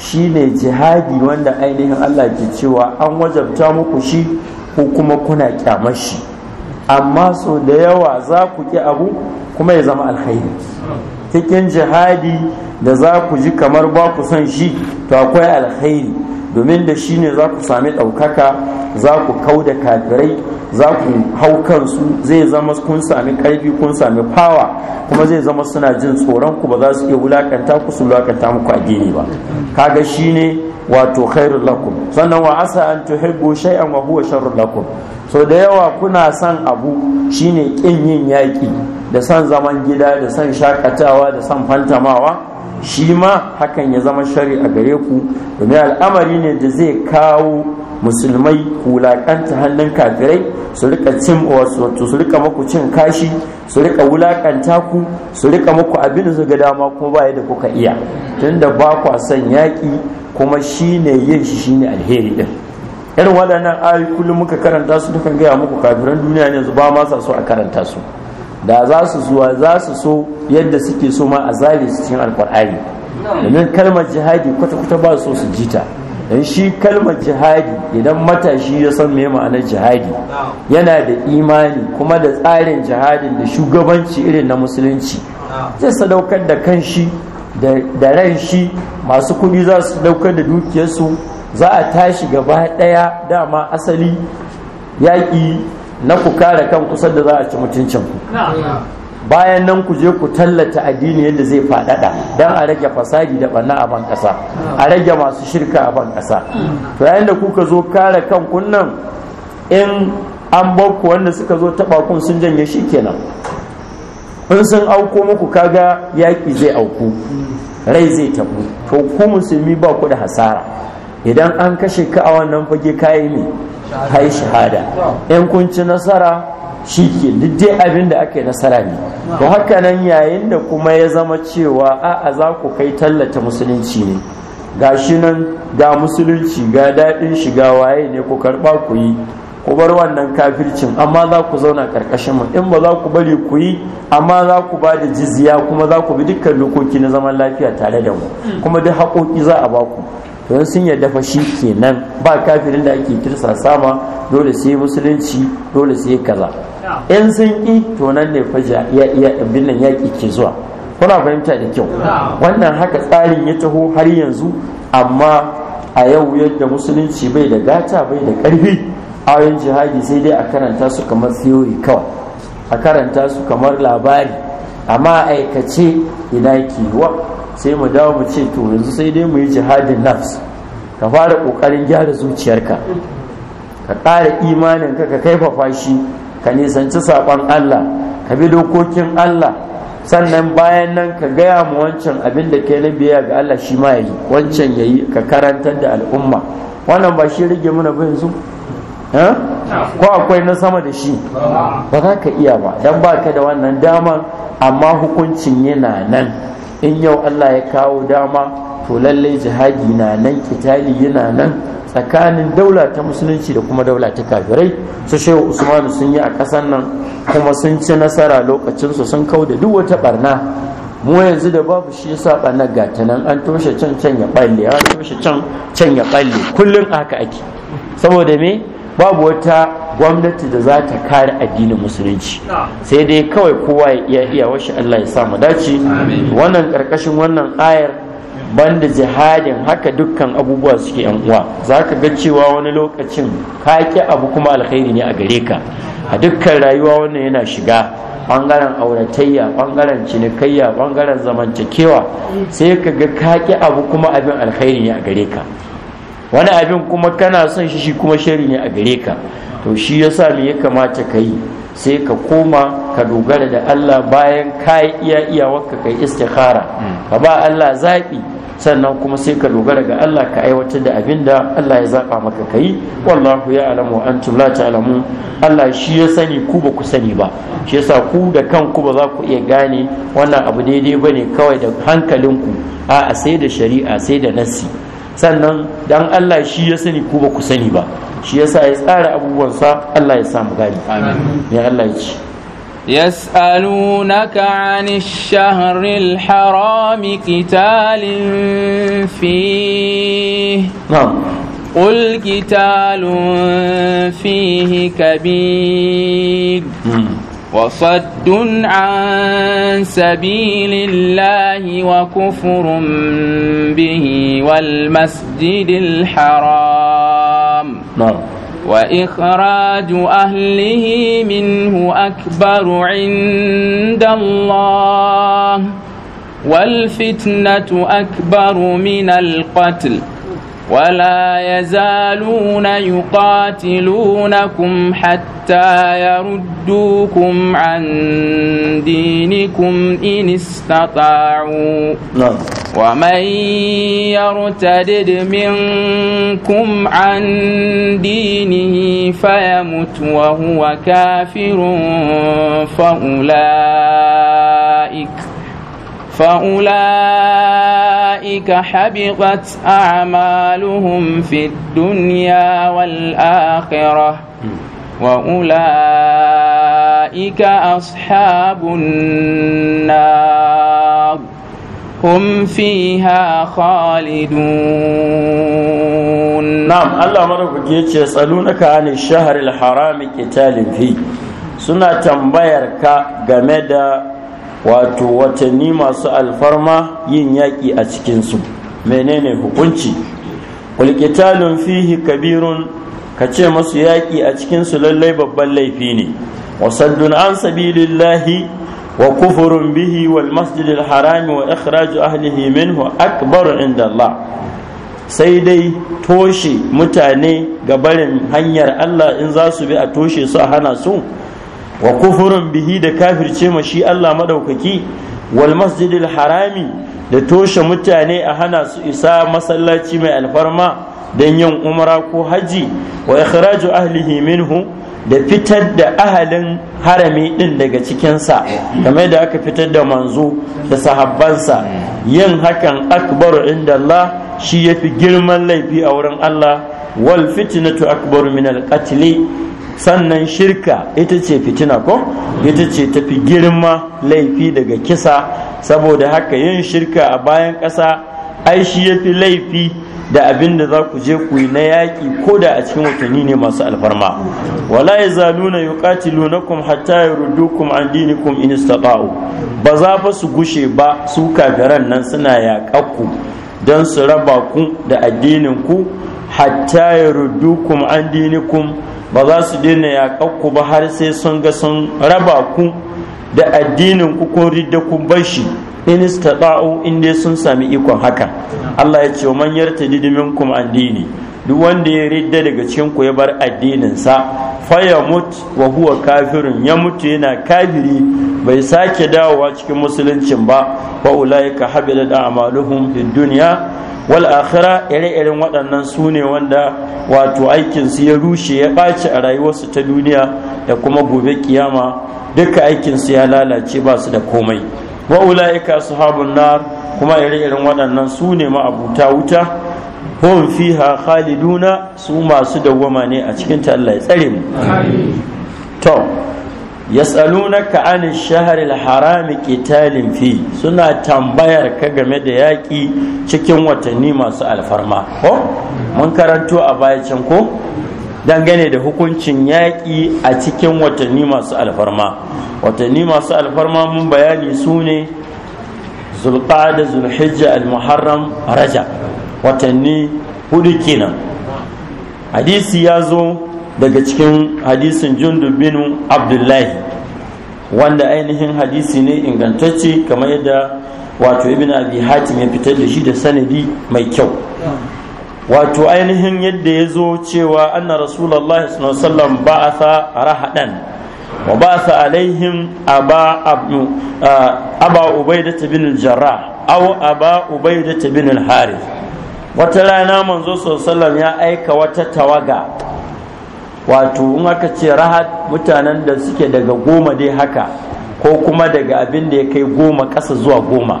Shi ne jihadi wanda ainihin Allah ke cewa an wajabta muku shi ko kuma kuna kyamar shi amma so da yawa za ku ki abu kuma ya zama alkhairi cikin jihadi da za ku ji kamar ba ku son shi to akwai alkhairi domin da shi ne za ku sami ɗaukaka za ku kau da kafirai za ku hau kansu zai zama kun sami karfi kun sami fawa kuma zai zama suna jin tsoron ku ba za su iya wulakanta ku su wulakanta muku addini ba kaga shine wato khairul lakum sannan wa asa an tuhibbu shay'an wa huwa sharrul lakum so da yawa kuna san abu shine kin yin yaki da son zaman gida da san shakatawa da san fantamawa shi ma hakan ya zama shari a gare ku domin al'amari ne da zai kawo musulmai wulakanta hannun kafirai su rika cin wasu su rika muku cin kashi su rika wulakanta ku su rika muku abin da su ga dama kuma ba yadda kuka iya tunda ba kwa son yaƙi kuma shine yin shi ne alheri ɗin irin waɗannan ayi kullum muka karanta su dukan gaya muku kafiran duniya ne yanzu ba ma sa so a karanta su da za su zuwa za su so yadda suke so ma a zare su cikin alkur'ani domin kalmar jihadi kwata-kwata ba su su jita dan shi kalmar jihadi idan matashi ya san me ma'anar jihadi yana da imani kuma da tsarin jihadin da shugabanci irin na musulunci zai sadaukar da kanshi da ran shi masu kuɗi za su daukar da dukiyarsu za a tashi gaba daya dama asali yaƙi na ku kare kan kusa da za a ci mutuncin ku bayan nan ku je ku tallata addini yadda zai faɗaɗa don a rage fasadi da ɓanna a ban ƙasa a rage masu shirka a ban ƙasa to yayin da kuka zo kare kan kunnan in an ku wanda suka zo taɓa kun sun janye shi kenan in sun auko muku kaga yaƙi zai auku rai zai tabu to ku musulmi ba ku da hasara idan an kashe ka a wannan fage kayi ne ka shahada in kun ci nasara shi ke dai abin da aka yi nasara ne to haka nan yayin da kuma ya zama cewa a'a za ku kai tallata musulunci ne ga shi nan ga musulunci ga daɗin shiga waye ne ku karɓa ku yi ku bar wannan kafircin amma za ku zauna karkashin mu in ba za ku bari ku yi amma za ku ba da jizya kuma za ku bi dukkan dokoki na zaman lafiya tare da mu kuma duk haƙoƙi za a ba ku don sun yarda fa shi kenan ba kafirin da ake kirsa sama dole sai musulunci dole sai kaza in sun ki to nan ne fa ya iya nan yaki ke zuwa kuna fahimta da kyau wannan haka tsarin ya taho har yanzu amma a yau yadda musulunci bai da gata bai da karfi ayoyin jihadi sai dai a karanta su kamar theory kawai a karanta su kamar labari amma aikace ina ke wa sai mu dawo mu ce to yanzu sai dai mu yi jihadin nafs ka fara kokarin gyara zuciyarka ka ƙara imanin ka ka kaifafa shi ka nisanci saƙon Allah ka bi dokokin Allah sannan bayan nan ka gaya mu wancan abin da ke na biya ga Allah shi ma yayi wancan yayi ka karantar da al'umma wannan ba shi rage mana ba yanzu eh? ko akwai na sama da shi ba za ka iya ba don ba ka da wannan dama amma hukuncin yana nan in yau Allah ya kawo dama to lallai jihadi na nan kitali yana nan tsakanin daula ta musulunci da kuma daula ta kafirai su shehu usmanu sun yi a ƙasar nan kuma sun ci nasara lokacin su sun kau da duk wata barna mu yanzu da babu shi yasa barna gata nan an toshe can can ya balle an toshe can can ya balle kullun haka ake saboda me babu wata gwamnati da za ta kare addinin musulunci sai dai kawai kowa ya iya washe Allah ya samu dace wannan karkashin wannan ayar banda jihadin haka dukkan abubuwa suke yan uwa za ka ga cewa wani lokacin ka ƙi abu kuma alkhairi ne a gare ka a dukkan rayuwa wannan yana shiga bangaren auratayya bangaren cinikayya bangaren zamantakewa sai ka ga ka ƙi abu kuma abin alkhairi ne a gare ka wani abin kuma kana son shi shi kuma shari ne a gare ka to shi yasa me ya kamata ka yi sai ka koma ka dogara da Allah bayan ka iya iyawarka ka yi istikhara ka ba Allah zaɓi sannan kuma sai ka dogara ga Allah ka aiwatar da abin da Allah ya zaɓa maka ka yi wallahu ya alamu an la ta'lamu Allah shi ya sani ku ba ku sani ba shi yasa ku da kanku ba za ku iya gane wannan abu daidai bane kawai da hankalinku a'a sai da shari'a sai da nasi sannan dan Allah shi ya sani ko ba ku sani ba shi yasa ya tsara abubuwansa Allah ya samu gani ya Allah ya ci يسألونك عن الشهر الحرام قتال فيه نعم قل قتال فيه كبير وصد عن سبيل الله وكفر به والمسجد الحرام نعم وإخراج أهله منه أكبر عند الله والفتنة أكبر من القتل ولا يزالون يقاتلونكم حتى يردوكم عن دينكم إن استطاعوا نعم. ومن يرتد منكم عن دينه فيمت وهو كافر فأولئك فأولئك أولئك حبطت أعمالهم في الدنيا والآخرة وأولئك أصحاب النار هم فيها خالدون نعم الله مرحبا يسألونك عن الشهر الحرام كتال فيه سنة تنبيرك جمدا wato watanni masu alfarma yin yaƙi a cikinsu menene hukunci kulkitalun fihi kabirun ka ce masu yaƙi a cikinsu lallai babban laifi ne wasaddun an sabilillahi wa kufurin bihi wal masjidil harami wa ikhraju ahlihi minhu akbar inda Allah sai dai toshe mutane ga barin hanyar Allah in za su bi a toshe su a hana su wa kufurin bihi da kafirce ma shi Allah maɗaukaki wal masjidil harami da toshe mutane a hana su isa masallaci mai alfarma don yin umra ko haji wa ikhraju ahlihi minhu da fitar da ahalin harami din daga cikinsa kamar da aka fitar da manzo da sahabbansa yin hakan akbaru inda Allah shi ya fi girman laifi a wurin Allah wal fitnatu akbaru min al sannan shirka ita ce fitina ko ita ce tafi girma laifi daga kisa saboda haka yin shirka a bayan ƙasa ai shi ya fi laifi da abin da za ku je ku yi na yaƙi ko da a cikin watanni ne masu alfarma wala ya zaluna ya ƙatilunakum hatta ya rudukum an dinikum in ba za fa su gushe ba su kafiran nan suna yaƙakku don su raba ku da addinin ku hatta ya rudukum an dinikum ba za su daina ku ba har sai sun ga sun raba ku da addinin ku ko ridda kun bar shi in istata'u in dai sun sami ikon haka Allah ya ce ta didimin kuma addini duk wanda ya ridda daga cikin ku ya bar addininsa faya mut wa huwa kafirun ya mutu yana kafiri bai sake dawowa cikin musuluncin ba fa ulaika habilat a'maluhum fid dunya wal akhirah ire-iren waɗannan su ne wanda wato aikinsu ya rushe ya ɓaci a rayuwarsu ta duniya da kuma gobe kiyama duka aikin su ya lalace ba su da komai wa ulaika sahabun nar kuma ire-iren waɗannan su ne abuta wuta hum fiha khaliduna su masu dawwama ne a cikin ta Allah ya tsare mu to yas'alunaka an shahr al-haram qitalin fi suna tambayar ka game da yaƙi cikin watanni masu alfarma ko mun karanto a baya can ko dangane da hukuncin yaƙi a cikin watanni masu alfarma watanni masu alfarma mun bayani su ne zulqa'da zulhijja al-muharram rajab watanni hudu kenan hadisi ya zo daga cikin hadisin jundub bin abdullahi wanda ainihin hadisi ne ingantacce kamar yadda wato ibn abi hatim ya fitar da shi da sanadi mai kyau wato ainihin yadda ya zo cewa anna rasulullahi sallallahu ba a ba'atha rahadan wa ba'atha alaihim aba abnu aba ubaidah bin jarrah aw aba ubaidah bin al-harith wata rana manzo sosallam ya aika wata tawaga wato in aka ce rahat mutanen da suke daga goma dai haka ko kuma daga abin da ya kai goma ƙasa zuwa goma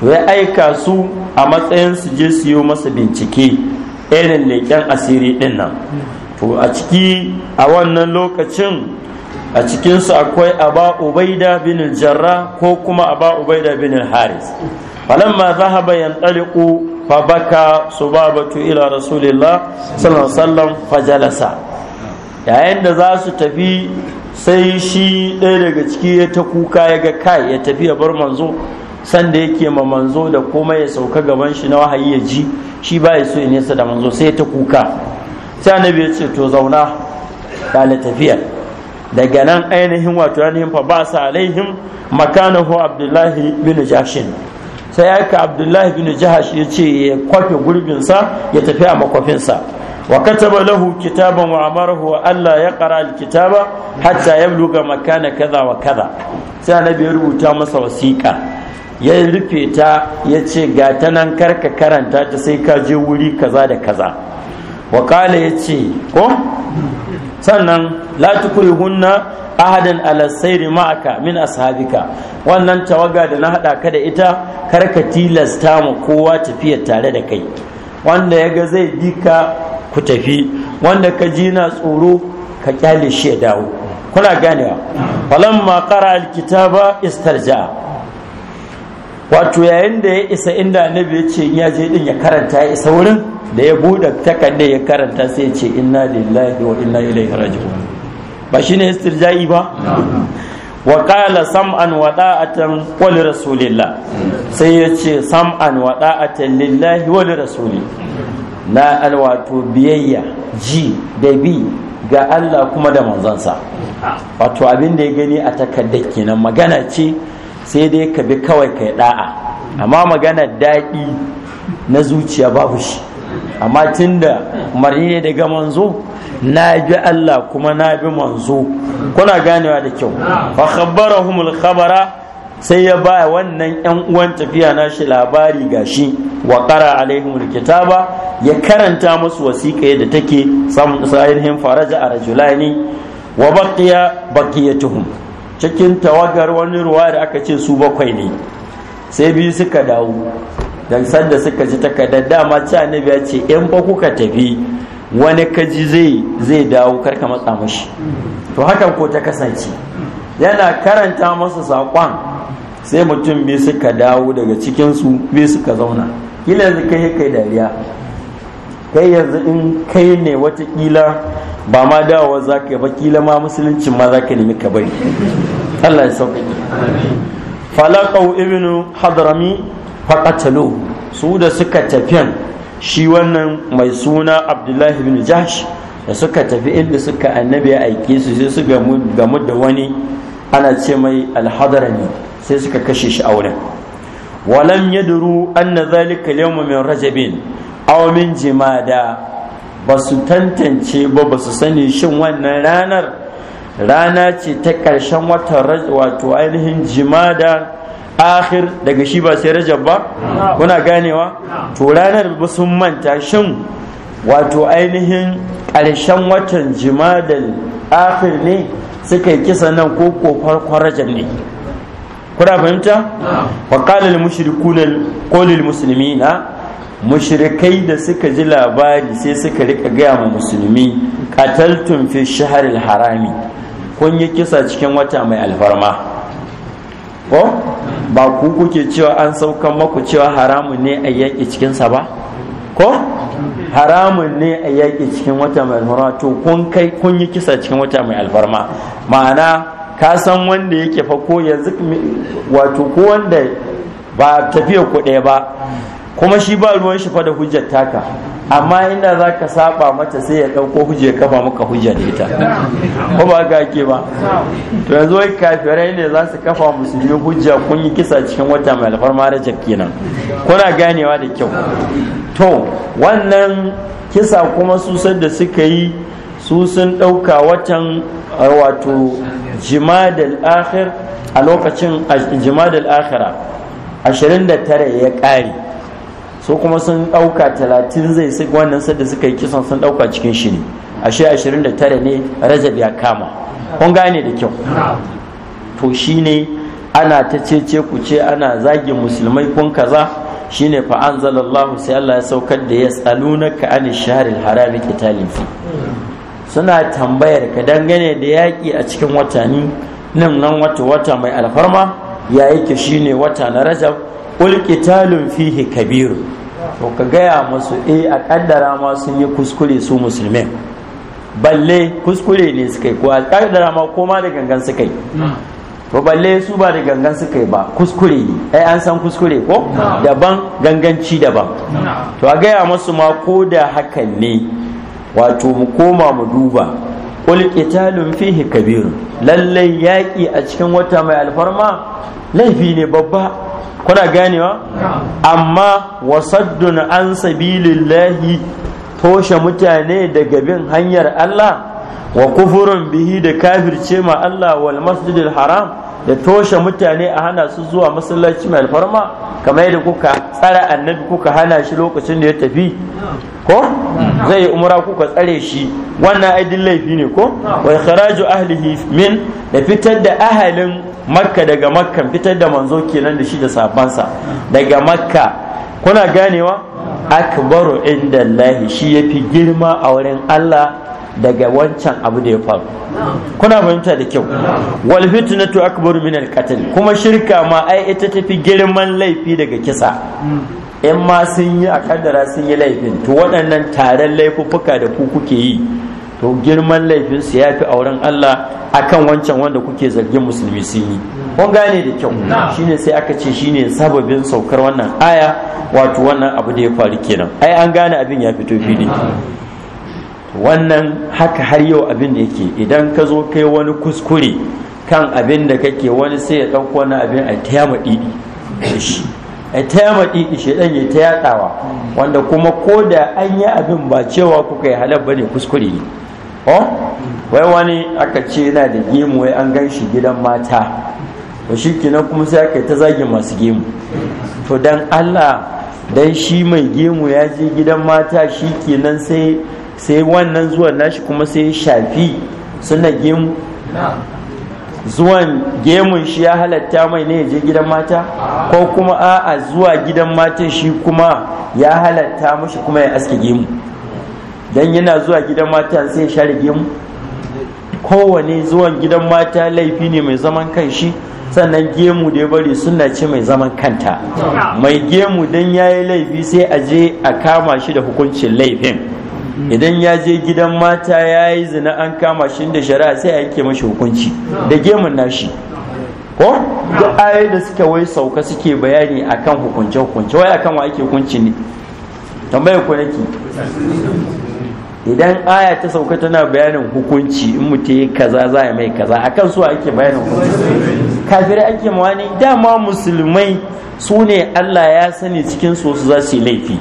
to ya aika su a matsayin su je siyo masa bincike irin leƙen asiri ɗin nan to a ciki a wannan lokacin a cikinsu akwai aba ubaida bin jarra ko kuma aba ubaida bin haris falamma zahaba yanɗaliƙu فبكى صبابة إلى رسول الله صلى الله عليه وسلم فجلس yayin da za su tafi sai shi ɗaya daga ciki ya ta kuka ya ga kai ya tafi ya bar manzo sanda yake ma manzo da komai ya sauka gaban shi na wahayi ya ji shi ba ya so ya nesa da manzo sai ta kuka sai annabi ya ce to zauna da tafiyar daga nan ainihin wato ainihin fa ba sa alaihim makanahu abdullahi bin jashin sai aka abdullahi bin jahash ya ce ya kwafe gurbinsa ya tafi a makwafinsa wa kataba lahu kitaban wa amarahu wa Allah ya qara alkitaba hatta yabluga makana kaza wa kaza sai annabi ya rubuta masa wasiƙa ya rufe ta ya ce ga ta nan karka karanta ta sai ka je wuri kaza da kaza wa ya ce ko sannan la hunna ahadan ala sayri ma'aka min ashabika wannan tawaga da na hada ka da ita karka tilasta mu kowa tafiya tare da kai wanda ya ga zai bi ka ku tafi wanda ka ji na tsoro ka kyale shi ya dawo kuna ganewa falamma qara alkitaba istarja'a wato yayin da ya isa inda annabi ya ce ya je din ya karanta ya isa wurin da ya buɗe takardar ya karanta sai ya ce inna lillahi wa inna ilaihi raji'un ba shine istirja'i ba wa qala sam'an wa da'atan wa li rasulillah sai ya ce sam'an wa da'atan lillahi wa li rasuli na alwato biyayya ji da bi ga Allah kuma da manzansa wato abin da ya gani a takardar kenan magana ce sai dai ka bi kawai kai da'a amma magana daɗi na zuciya babu shi amma tunda marni ne daga manzo na bi Allah kuma na bi manzo kuna ganewa da kyau fa khabbarahumul khabara sai ya ba wannan yan uwan tafiya na shi labari gashi wa qara alaihimul kitaba ya karanta musu wasiƙa da take samun faraja a rajulani wa baqiya baqiyatuhum cikin tawagar wani ruwa da aka ce su bakwai ne sai biyu suka dawo dan sanda suka ji takardar dama ci annabi ya ce in ba kuka tafi wani kaji zai zai dawo karka matsa mashi to hakan ko ta kasance yana karanta masa saƙon sai mutum biyu suka dawo daga cikinsu biyu suka zauna kila yanzu kai kai dariya kai yanzu in kai ne watakila ba ma dawowa za ka ba kila ma musuluncin ma za ka nemi ka bari Allah ya sauƙaƙi falakau ibnu hadrami Fakatalo su da suka tafiyan shi wannan mai suna abdullahi Ibnu jahsh da suka tafi inda suka annabi ya aike su sai su gamu da wani ana ce mai alhadarami sai suka kashe shi a wurin walam yaduru anna zalika yawma min rajabin aumin jimada ba su tantance ba ba su sani shin wannan ranar rana ce ta ƙarshen watan wato ainihin jimada akhir daga shi ba sai rajab ba kuna ganewa to ranar ba sun manta shin wato ainihin ƙarshen watan jimadan akhir ne suka yi kisa nan ko ko farkon rajab ne kuna fahimta wa qala al mushrikuna qul muslimina mushrikai da suka ji labari sai suka rika gaya ma musulmi kataltun fi shahril harami kun yi kisa cikin wata mai alfarma ko ba ku kuke cewa an saukan maku cewa haramun ne a yaƙi cikinsa ba ko haramun ne a yaƙi cikin wata mai alfarma to kun kai kun yi kisa cikin wata mai alfarma ma'ana ka san wanda yake fa ko yanzu wato ko wanda ba tafiya ku ɗaya ba kuma shi ba ruwan shi fa da hujjar taka amma inda za ka saba mata sai ya ɗauko hujjar kafa maka hujja da ita ko ba ka ke ba to yanzu wai kafirai ne za su kafa musulmi hujja kun yi kisa cikin wata mai alfarma da kenan kuna ganewa da kyau to wannan kisa kuma susar da suka yi su sun ɗauka watan wato jimadal akhir a lokacin jimadal akhira 29 ya ƙare su kuma sun ɗauka talatin zai su wannan sadda suka yi kisan sun ɗauka cikin shi ne ashe ashirin da tare ne rajab ya kama kun gane da kyau to shi ana ta cece ku ce ana zagin musulmai kun kaza shine fa anzalallahu sai Allah ya saukar da ka an sharil harami kitalin fi suna tambayar ka dangane da yaƙi a cikin watani nan nan wata wata mai alfarma ya yake shine wata na rajab qul qitalun fihi kabir to ka gaya musu eh a kaddara ma sun yi kuskure su musulmai balle kuskure ne suka yi ko a kaddara ma koma da gangan suka yi to balle su ba da gangan suka yi ba kuskure ne ai an san kuskure ko daban ganganci daban to a gaya musu ma ko da hakan ne wato mu koma mu duba qul qitalun fihi kabir lallai yaƙi a cikin wata mai alfarma laifi ne babba kuna ganewa amma wasaddun an sabilillahi toshe mutane daga bin hanyar Allah wa kufurin bihi da kafirce ma Allah wal masjidil haram da toshe mutane a hana su zuwa masallaci mai alfarma kamar yadda kuka tsara annabi kuka hana shi lokacin da ya tafi ko zai yi kuka tsare shi wannan aidin laifi ne ko wa kharaju ahlihi min da fitar da ahalin makka daga makka fitar da manzo kenan da shi da sabansa daga makka kuna ganewa akbaru inda lahi shi fi girma a wurin Allah daga wancan abu da ya faru kuna fahimta da kyau wal fitnatu akbaru min al qatl kuma shirka ma ai ita tafi girman laifi daga kisa in ma sun yi a kaddara sun yi laifin to waɗannan taron laifuffuka da ku kuke yi to girman laifinsu ya fi auren Allah akan wancan wanda kuke zargin musulmi sun yi kun gane da kyau shine sai aka ce shine sababin saukar wannan aya wato wannan abu da ya faru kenan ai an gane abin ya fito fili wannan haka har yau abin da yake idan ka zo kai wani kuskure kan abin da kake wani sai ya ɗauko wani abin a taya ɗiɗi. a taya ɗiɗi shi ɗan ya ta yaɗawa mm. wanda kuma ko da an yi abin ba cewa kuka yi halar bane kuskure ne wai wani aka ce yana da gemu wai an gan shi gidan mata Ba shi kenan kuma sai aka yi ta zagin masu gemu to dan allah dan shi mai gemu ya je gidan mata shi kenan sai wannan zuwa nashi kuma sai shafi suna gemu zuwan gemun shi ya halatta mai ne ya je gidan mata ko kuma a'a zuwa gidan mata shi kuma ya halatta mashi kuma ya aske gemu dan yana zuwa gidan mata sai share gemu kowane zuwan gidan mata laifi ne mai zaman kan shi sannan gemu da ya bari suna ce mai zaman kanta mai gemu dan ya yi laifi sai a je a kama shi da hukuncin laifin idan ya je gidan mata ya yi zina an kama shi da shari'a sai a yake mashi hukunci da gemun nashi ko duk ayoyi da suka wai sauka suke bayani akan hukunce hukunce wai akan wa ake hukunci ne tambayar ku nake idan aya ta sauka tana bayanin hukunci in mutum yi kaza za a mai kaza a kan su ake bayanin hukunci kafirai ake mawani. dama musulmai su ne allah ya sani cikin su za su yi laifi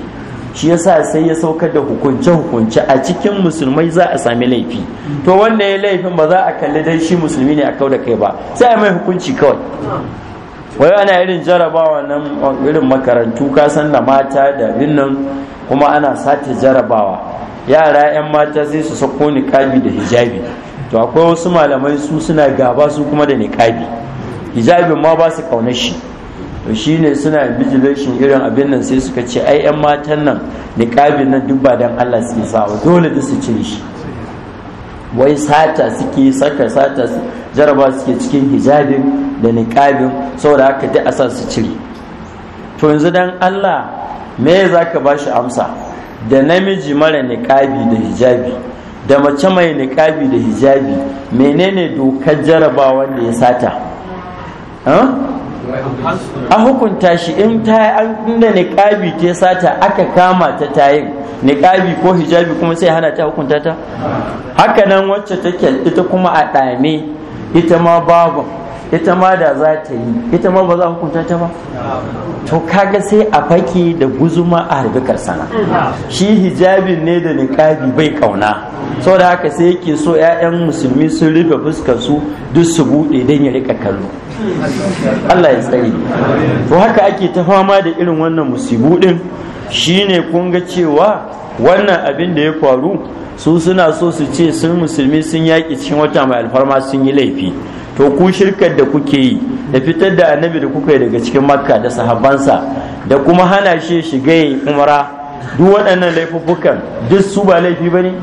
shi yasa sai ya saukar da hukunce hukunce a cikin musulmai za a sami laifi to wanda ya laifin ba za a kalli dai shi musulmi ne a kau da kai ba sai a mai hukunci kawai wai ana irin jarabawa na irin makarantu kasan da mata da binnan kuma ana sata jarabawa yara 'yan mata sai su sako niƙabi da hijabi to akwai wasu malamai su suna gaba su kuma da niƙabi hijabin ma ba su kaunar shi to shine suna vigilation irin abin nan sai suka ce ai 'yan matan nan niƙabin nan duk ba dan Allah suke sawa dole da su cire shi wai sata suke saka sata jaraba suke cikin hijabin da niƙabin saboda haka duk a sa su cire to yanzu dan Allah me za ka ba shi amsa da namiji mara niƙabi da hijabi da mace mai niƙabi da hijabi menene dokar jaraba wanda ya sata a hukunta shi in ta inda niƙabi ta ya sata aka kama ta tayin niƙabi ko hijabi kuma sai hana ta hukunta ta haka nan wacce take ita kuma a ɗame ita ma babu ita ma da za ta yi ita ma ba za hukunta ta ba to kaga sai a faki da guzuma a harbi sana shi hijabin ne da niƙabi bai kauna saboda haka sai yake so 'ya'yan musulmi sun rufe fuskar su duk su buɗe don ya rika kallo Allah ya tsare to haka ake ta fama da irin wannan musibu din shine kun ga cewa wannan abin da ya faru su suna so su ce sun musulmi sun yaƙi cikin wata mai alfarma sun yi laifi to ku shirkar da kuke yi da fitar da annabi da kuka yi daga cikin makka da sahabbansa da kuma hana shi shiga yin umara duk waɗannan laifukan duk su ba laifi ba ne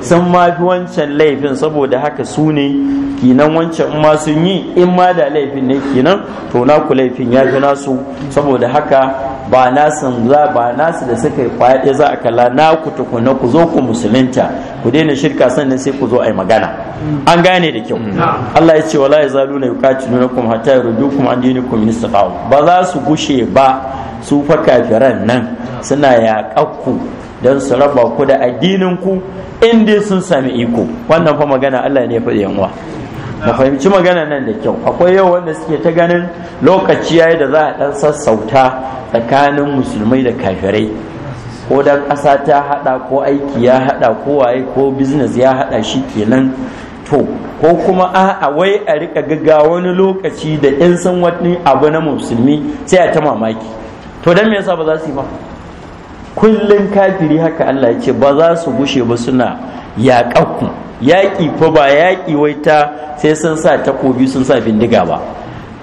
sun ma wancan laifin saboda haka su ne kinan wancan in ma sun yi in ma da laifin ne kinan to naku laifin ya fi nasu saboda haka ba nasu za ba nasu da suka yi ɗaya za a kalla na ku tukuna ku zo ku musulunta ku daina shirka sannan sai ku zo a yi magana an gane da kyau hmm. Allah ya ce wala ya zalu na yukaci nuna kuma hatta ya rudu kuma an dini kuma ba za su gushe ba su fa kafiran nan suna ku don su raba ku da addinin ku in dai sun sami iko wannan fa magana Allah ne ya faɗi yan na fahimci magana nan da kyau akwai yau wanda suke ta ganin lokaci yayi da za a dan sassauta tsakanin musulmai da kafirai ko dan ƙasa ta haɗa ko aiki ya haɗa ko waye ko biznes ya haɗa shi kenan to ko kuma a wai a rika gaga wani lokaci da in san wani abu na musulmi sai a ta mamaki to dan me yasa ba za su yi ba kullum kafiri haka Allah ya ce ba za su gushe ba suna yaƙakku yaƙi fa ba yaƙi wai ta sai sun sa takobi sun sa bindiga ba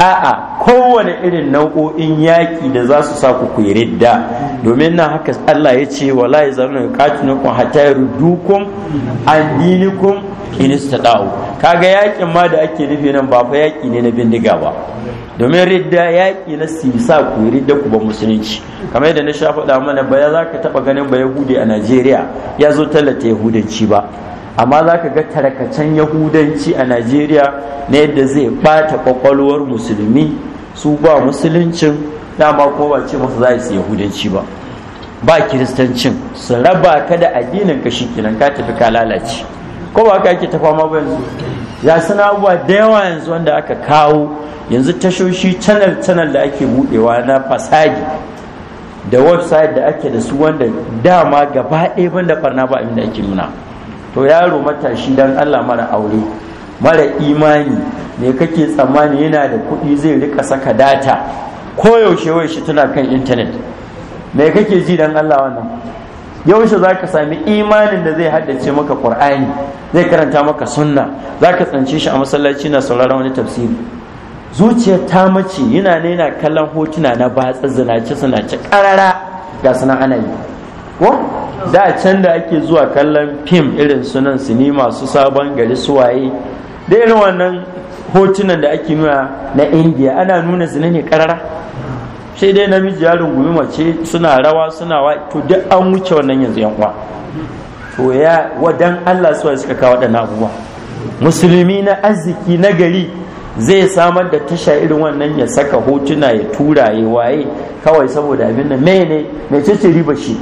a'a kowane irin nau'o'in yaƙi da za su sa ku ku ridda domin nan haka Allah ya ce wala ya zama na katunakum hatta yardukum an dinikum in istata'u kaga yaƙin ma da ake nufi nan ba fa yaƙi ne na bindiga ba domin ridda yaƙi na sa ku ridda ku ba musulunci kamar yadda na sha faɗa mana ba ya za ka taɓa ganin ba yahudi a najeriya ya zo tallata yahudanci ba amma za ka ga tarkacen yahudanci a najeriya na yadda zai bata kwakwalwar musulmi su ba musuluncin dama ko ba ce masa za su yahudanci ba ba kiristancin su raba ka da addinin ka shi kenan ka tafi ka lalace ko ba ka ke tafa ma ba yanzu ya suna abubuwa da yawa yanzu wanda aka kawo yanzu tashoshi channel channel da ake budewa na fasadi da website da ake da su wanda dama gaba ɗaya banda barna ba abin da ake nuna to yaro matashi dan Allah mara aure mara imani me kake tsammani yana da kuɗi zai rika saka data koyaushe wai shi tana kan intanet me kake ji dan Allah wannan yaushe za ka sami imanin da zai haddace maka qur'ani zai karanta maka sunna za ka tsanci shi a masallaci na sauraron wani tafsiri zuciyar ta mace yana ne yana kallon hotuna na batsa zinace zinace karara ga sunan ana yi ko da can da ake zuwa kallon fim irin sunan sinima su sabon gari suwaye da irin wannan hotunan da ake nuna na indiya ana nuna su ne karara sai dai namiji ya rungumi mace suna rawa suna wa to duk an wuce wannan yanzu yan uwa to ya wadan Allah suwa suka kawo waɗannan abubuwa musulmi na arziki na gari zai samar da tasha irin wannan ya saka hotuna ya tura ya waye kawai saboda abin nan mene ne cece riba shi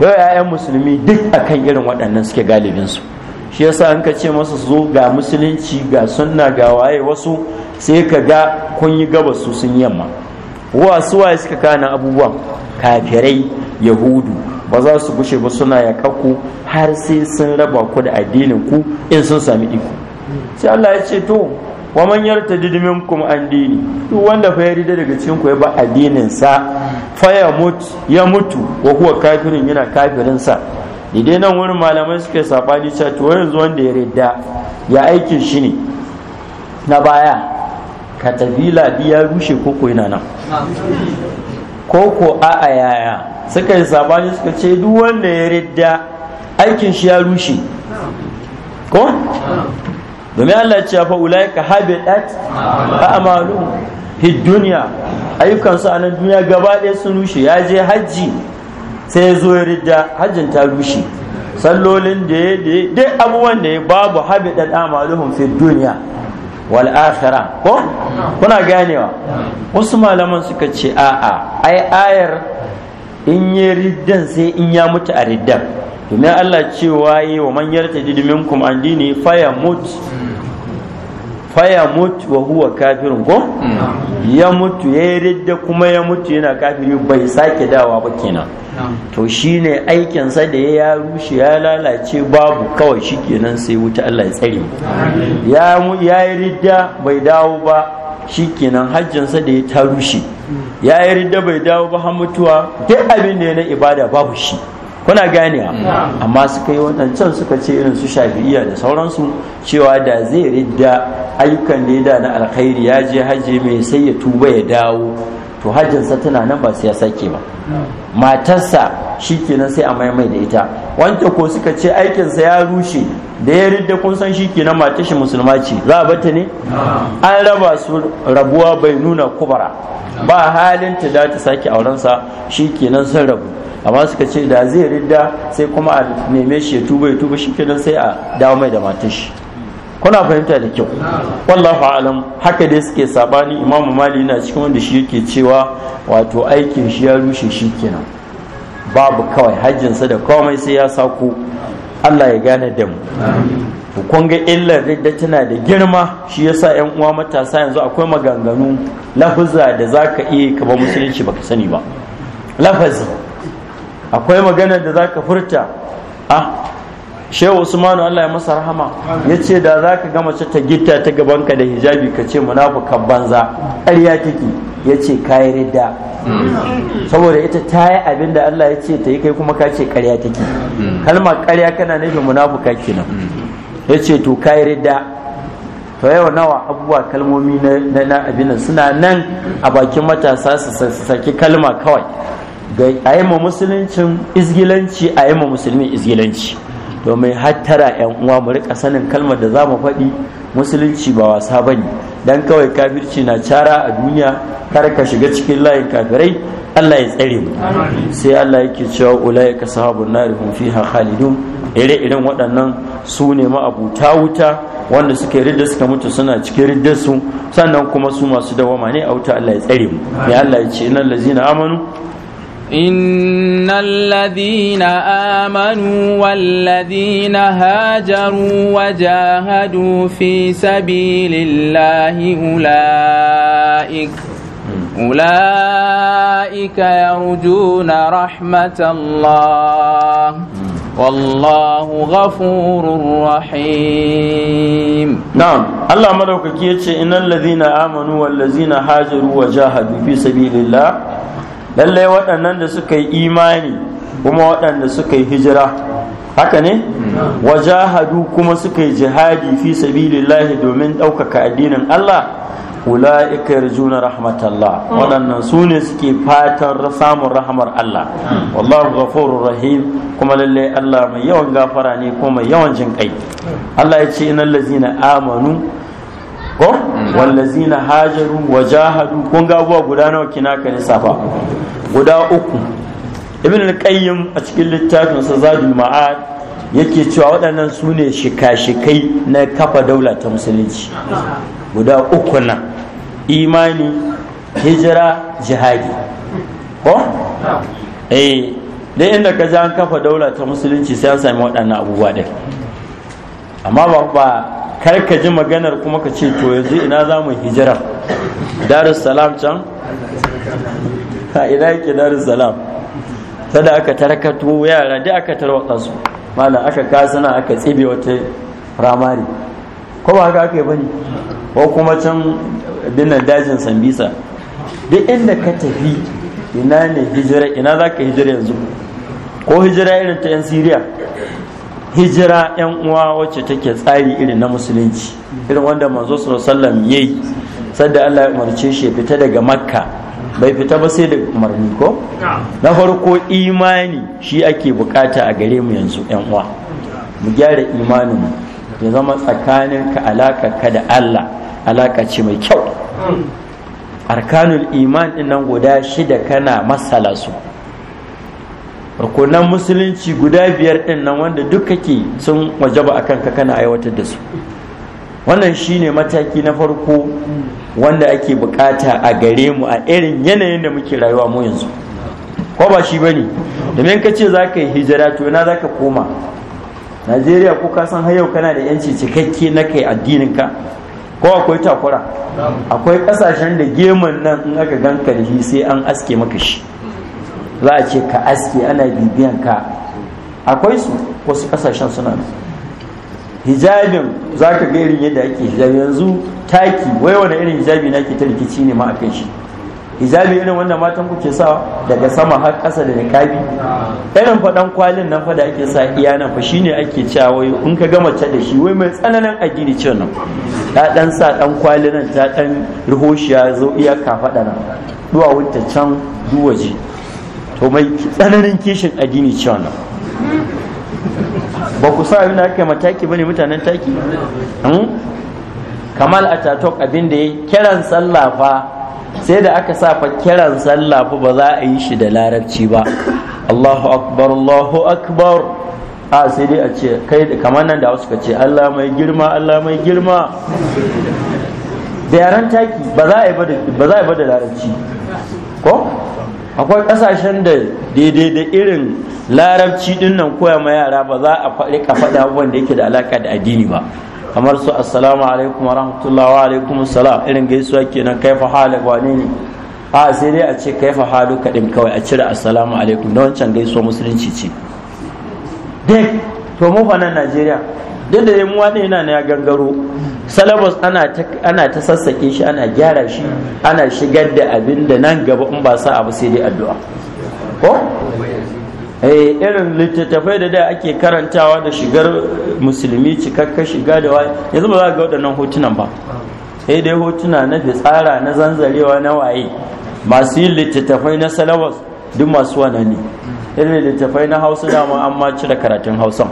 yau 'ya'yan musulmi duk akan irin waɗannan suke galibinsu shi yasa an ka ce masu zo ga musulunci ga sunna ga waye wasu sai ka ga kun yi gabas su sun yamma wasu waye suka kana abubuwan kafirai yahudu ba za su gushe ba suna yakakku har sai sun raba ku da addinin ku in sun sami iko sai Allah ya ce to wa man didimin minkum an dini duk wanda fa yarda daga cikin ku ya ba addinin sa fa ya mutu ya mutu wa huwa kafirin yana kafirin sa dai nan wurin malamai suka sabani cewa to yanzu wanda ya rida ya aikin shi ne na baya katabila bi ya rushe koko yana nan koko a a yaya suka yi sabani suka ce duk wanda ya rida aikin shi ya rushe ko domin Allah ce fa ulaika habitat a'malu hi dunya ayyukan su a nan duniya gaba ɗaya sun rushe ya je hajji sai ya zo ya ridda hajjin ta rushe sallolin da ya da dai abubuwan da ya babu habitat a'maluhum fi dunya wal akhirah ko kuna ganewa wasu malaman suka ce a'a ai ayar in yi riddan sai in ya mutu a riddan domin Allah cewa yi wa man yarta minkum an dini faya mut faya wa huwa kafirin ko ya mutu ya ridda kuma ya mutu yana kafiri bai sake dawa ba kenan to shi ne aikinsa da ya rushe ya lalace babu kawai shi kenan sai wuta Allah ya tsare ya yi ridda bai dawo ba shi kenan hajjinsa da ya ta rushe ya yi ridda bai dawo ba har mutuwa duk abin da ya na ibada babu shi kuna gani amma suka yi wannan can suka ce irin su shafi'iya da sauransu cewa da zai ridda ayyukan da ya da na alkhairi ya je hajji mai sai ya tuba ya dawo to hajjinsa tana nan ba sai ya sake ba matarsa shi kenan sai a maimai da ita wanda ko suka ce aikinsa ya rushe da ya ridda kun san shi kenan matar shi musulma ce za a bata ne an raba su rabuwa bai nuna kubara ba halin ta da ta sake aurensa shi kenan sun rabu amma suka ce da zai ridda sai kuma a neme shi ya tuba ya tuba shi kenan sai a dawo mai da matar shi kuna fahimta da kyau wallahu alam haka dai suke sabani Imam mali na cikin wanda shi yake cewa wato aikin shi ya rushe shi kenan babu kawai hajjinsa da komai sai ya sako Allah ya gane da mu kun ga illar daidai tana da girma shi yasa yan uwa matasa yanzu akwai maganganu lafaza da zaka iya ka ba musulunci baka sani ba lafazi akwai maganar da zaka furta ah shehu usmanu allah ya masa rahama ya ce da za ka gama ta gita ta gabanka da hijabi ka ce munafukan banza ƙarya take ya ce kayi ridda saboda ita ta yi abin da allah ya ce ta yi kai kuma ka ce ƙarya take kalmar ƙarya kana nufin munafuka kenan ya ce to kayi ridda to yau nawa abubuwa kalmomi na abin suna nan a bakin matasa su saki kalma kawai a yi ma musuluncin izgilanci a yi ma musulmin izgilanci domin hattara yan uwa mu rika sanin kalmar da za mu faɗi musulunci ba wasa ba ne dan kawai kafirci na cara a duniya kar ka shiga cikin layin kafirai Allah ya tsare mu sai Allah yake cewa ka sahabun nar fi fiha khalidun ire-iren waɗannan su ne ma'abuta wuta wanda suke ridda suka mutu suna cikin riddarsu sannan kuma su masu dawama ne a wuta Allah ya tsare mu ya Allah ya ce innal ladzina amanu إن الذين آمنوا والذين هاجروا وجاهدوا في سبيل الله أولئك أولئك يرجون رحمة الله والله غفور رحيم نعم الله ملوك كيتش إن الذين آمنوا والذين هاجروا وجاهدوا في سبيل الله lallai waɗannan da suka yi imani kuma waɗanda suka yi hijira haka ne wajahadu kuma suka yi jihadi fi sabilillahi domin ɗaukaka addinin Allah ula'ika yarjuna rahmatallah waɗannan su ne suke fatan samun rahmar Allah wallahu ghafurur rahim kuma lalle Allah mai yawan gafara ne kuma mai yawan jin kai Allah ya ce innal ladzina amanu ko wallazina hajaru wajahadu kun ga abubuwa guda nawa kina ka lissafa guda uku ibn al-qayyim a cikin littafin sa zadul ma'ad yake cewa waɗannan su ne shika-shikai na kafa daula ta musulunci guda uku na imani hijira jihadi ko eh dai inda ka ji an kafa daula ta musulunci sai an sami waɗannan abubuwa da amma ba kar ka ji maganar kuma ka ce to yanzu ina za mu hijira salam can a ina yake darus salam Sada aka tarkato yara da aka tarwatsa su malam aka kasana aka tsibe wata ramari ko ba haka aka yi bane ko kuma can dinnan dajin sambisa duk inda ka tafi ina ne hijira ina za ka hijira yanzu ko hijira irin ta 'yan siriya hijira yan uwa wacce take tsari irin na musulunci irin wanda manzo sallallahu yayi sadda Allah ya umarce shi ya fita daga makka bai fita ba sai da umarni ko na farko imani shi ake bukata a gare mu yanzu yan uwa mu gyara imanin ya zama tsakanin ka alaka ka da Allah alaka ce mai kyau arkanul iman din nan guda shida kana masala su rukunan musulunci guda biyar ɗin nan wanda duk kake sun wajaba a kanka kana aiwatar da su wannan shine mataki na farko wanda ake bukata a gare mu a irin yanayin da muke rayuwa mu yanzu ko ba shi bane domin ka ce za ka yi hijira to na za ka koma najeriya ko ka san yau kana da yanci cikakke na kai addinin ka ko akwai takura akwai kasashen da geman nan in aka ganka da shi sai an aske maka shi za a ce ka aske ana bibiyan ka akwai su wasu kasashen suna hijabin za ka ga irin yadda ake hijabi yanzu taki wai wani irin hijabi na ke ta rikici ne ma a kai shi hijabi irin wanda matan kuke sa daga sama har kasa da nikabi irin faɗan kwalin nan fa da ake sa iya nan fa shine ake cewa wai in ka ga mace da shi wai mai tsananin addini ce nan ta dan sa dan kwalin nan ta dan rihoshiya zo iya ka faɗa nan wuta can duwaje to mai tsananin kishin addini ce nan. ba ku sa abin da aka yi mataki bane mutanen taki hmm? kamal a tatok abin da ya kiran sallah fa sai da aka sa fa kiran sallah fa ba za a yi shi da larabci ba Allahu akbar Allahu akbar a sai dai a ce kai kamar nan da suka ce Allah mai girma Allah mai girma da yaran taki ba za a yi ba da larabci ko akwai kasashen da daidai da irin larabci din koya ma yara ba za a ka faɗa abubuwan da yake da alaka da addini ba kamar su assalamu alaikum wa rahmatullahi wa alaikum salam irin gaisuwa kenan kaifa halak wane ne a sai dai a ce kaifa halu kaɗin kawai a cire assalamu alaikum da wancan gaisuwa musulunci ce dai to mu fa nan najeriya duk da yamuwa ne yana na gangaro salabas ana ta sassake shi ana gyara shi ana shigar da abin da nan gaba in ba sa abu sai dai addu'a ko eh irin littattafai da da ake karantawa da shigar musulmi cikakka shiga da waye yanzu ba za ga waɗannan hotunan ba sai dai hotuna na fitsara na zanzarewa na waye masu yin littattafai na salawas duk masu wanani irin littattafai na hausa dama an ma cire karatun hausan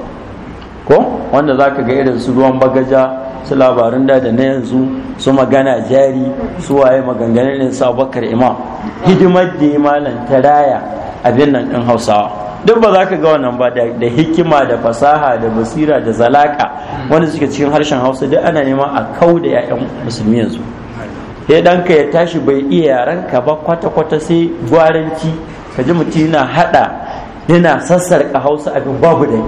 ko wanda za ka ga irin su ruwan bagaja su labarin da da na yanzu su magana jari su waye maganganun ne sa bakar imam hidimar da ya malam ta raya abin nan ɗin hausawa duk ba za ka ga wannan ba da hikima da fasaha da basira da zalaka wanda suke cikin harshen hausa duk ana neman a kau da 'ya'yan musulmi yanzu sai ɗanka ya tashi bai iya yaran ka ba kwata-kwata sai gwaranci ka ji mutum yana haɗa yana sassarƙa hausa abin babu da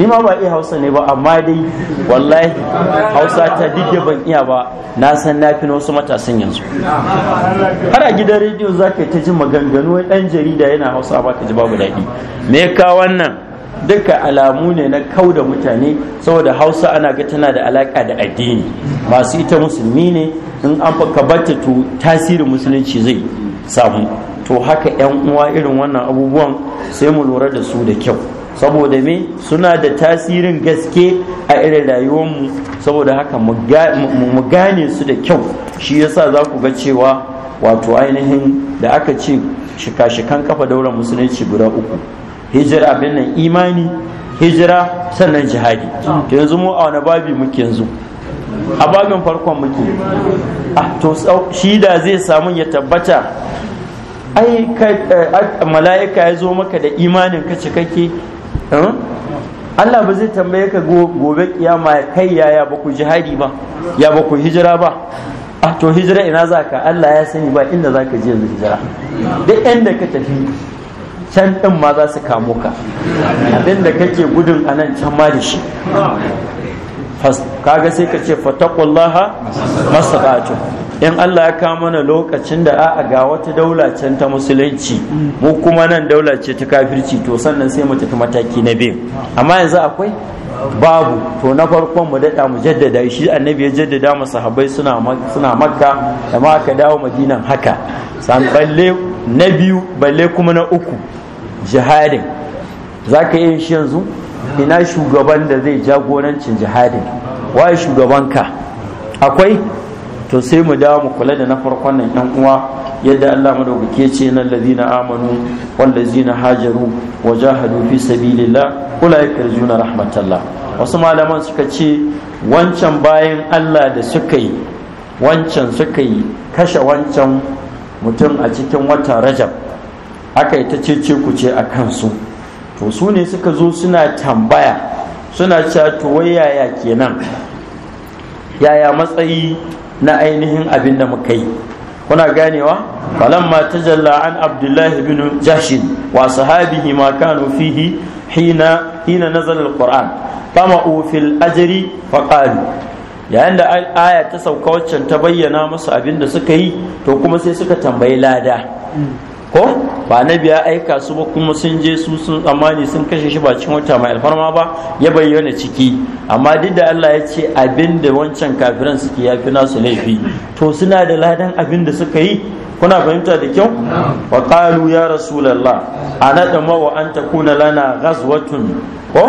ni ma ba iya hausa ne ba amma dai wallahi hausa ta duk ban iya ba na san na fi wasu matasan yanzu har a gidan rediyo za ka ta ji maganganu wai ɗan jarida yana hausa ba ka ji babu daɗi me ka wannan duka alamu ne na kau da mutane saboda hausa ana ga tana da alaka da addini masu ita musulmi ne in an ka bata to tasirin musulunci zai samu to haka 'yan uwa irin wannan abubuwan sai mu lura da su da kyau saboda me suna da tasirin gaske a irin rayuwarmu saboda haka mu gane su da kyau shi yasa za ku ga cewa wato ainihin da aka ce shika-shikan kafa daular musulunci guda uku hijira abin nan imani hijira sannan jihadi yanzu mu a wani babi muke yanzu a babin farkon muke a ah, to shi da zai samu ya tabbata ai eh, mala'ika ya zo maka da imanin ka cikakke Allah ba zai tambaye ka gobe kiyama kai yaya ba ku jihadi ba ya ba ku hijira ba a to hijira ina za ka Allah ya sani ba inda za ka je yanzu hijira duk inda ka tafi can ɗin ma za su kamo ka abinda kake gudun a nan can ma da shi kaga sai ka ce fatakullaha mastata'tum in Allah ya kama mana lokacin da a ga wata daulacin ta musulunci mu kuma nan daulace ta kafirci to sannan sai mu tafi mataki na biyu amma yanzu akwai babu to na farkon mu daɗa mu jaddada shi annabi ya jaddada mu sahabbai suna makka da ma aka dawo madinan haka san balle na biyu balle kuma na uku jihadin ka iya shi yanzu ina shugaban da zai jagorancin jihadin waye shugabanka akwai to sai mu dawo mu kula da na farkon nan yan uwa yadda Allah madaukake ce na ladina amanu wal ladina hajaru wa jahadu fi sabilillah ulai karjuna rahmatallah wasu malaman suka ce wancan bayan Allah da suka yi wancan suka yi kashe wancan mutum a cikin wata Rajab aka yi ta ce ku ce a kansu to su ne suka zo suna tambaya suna cewa to wai yaya kenan yaya matsayi na ainihin abin da muka yi kuna ganewa falamma tajalla an abdullahi bin jashin wa sahabihi ma kanu fihi hina hina nazal alquran fama fil ajri faqalu yayin da aya ta sauka waccan ta bayyana musu abin da suka yi to kuma sai suka tambayi lada ko ba annabi ya aika su ba kuma sun je su sun tsammani sun kashe shi ba cikin wata mai alfarma ba ya bayyana ciki amma duk da Allah ya ce abin da wancan kafiran suke ya yafi nasu laifi to suna da ladan abin da suka yi kuna fahimta da kyau wa qalu ya rasulullah da ma wa an takuna lana ghazwatun ko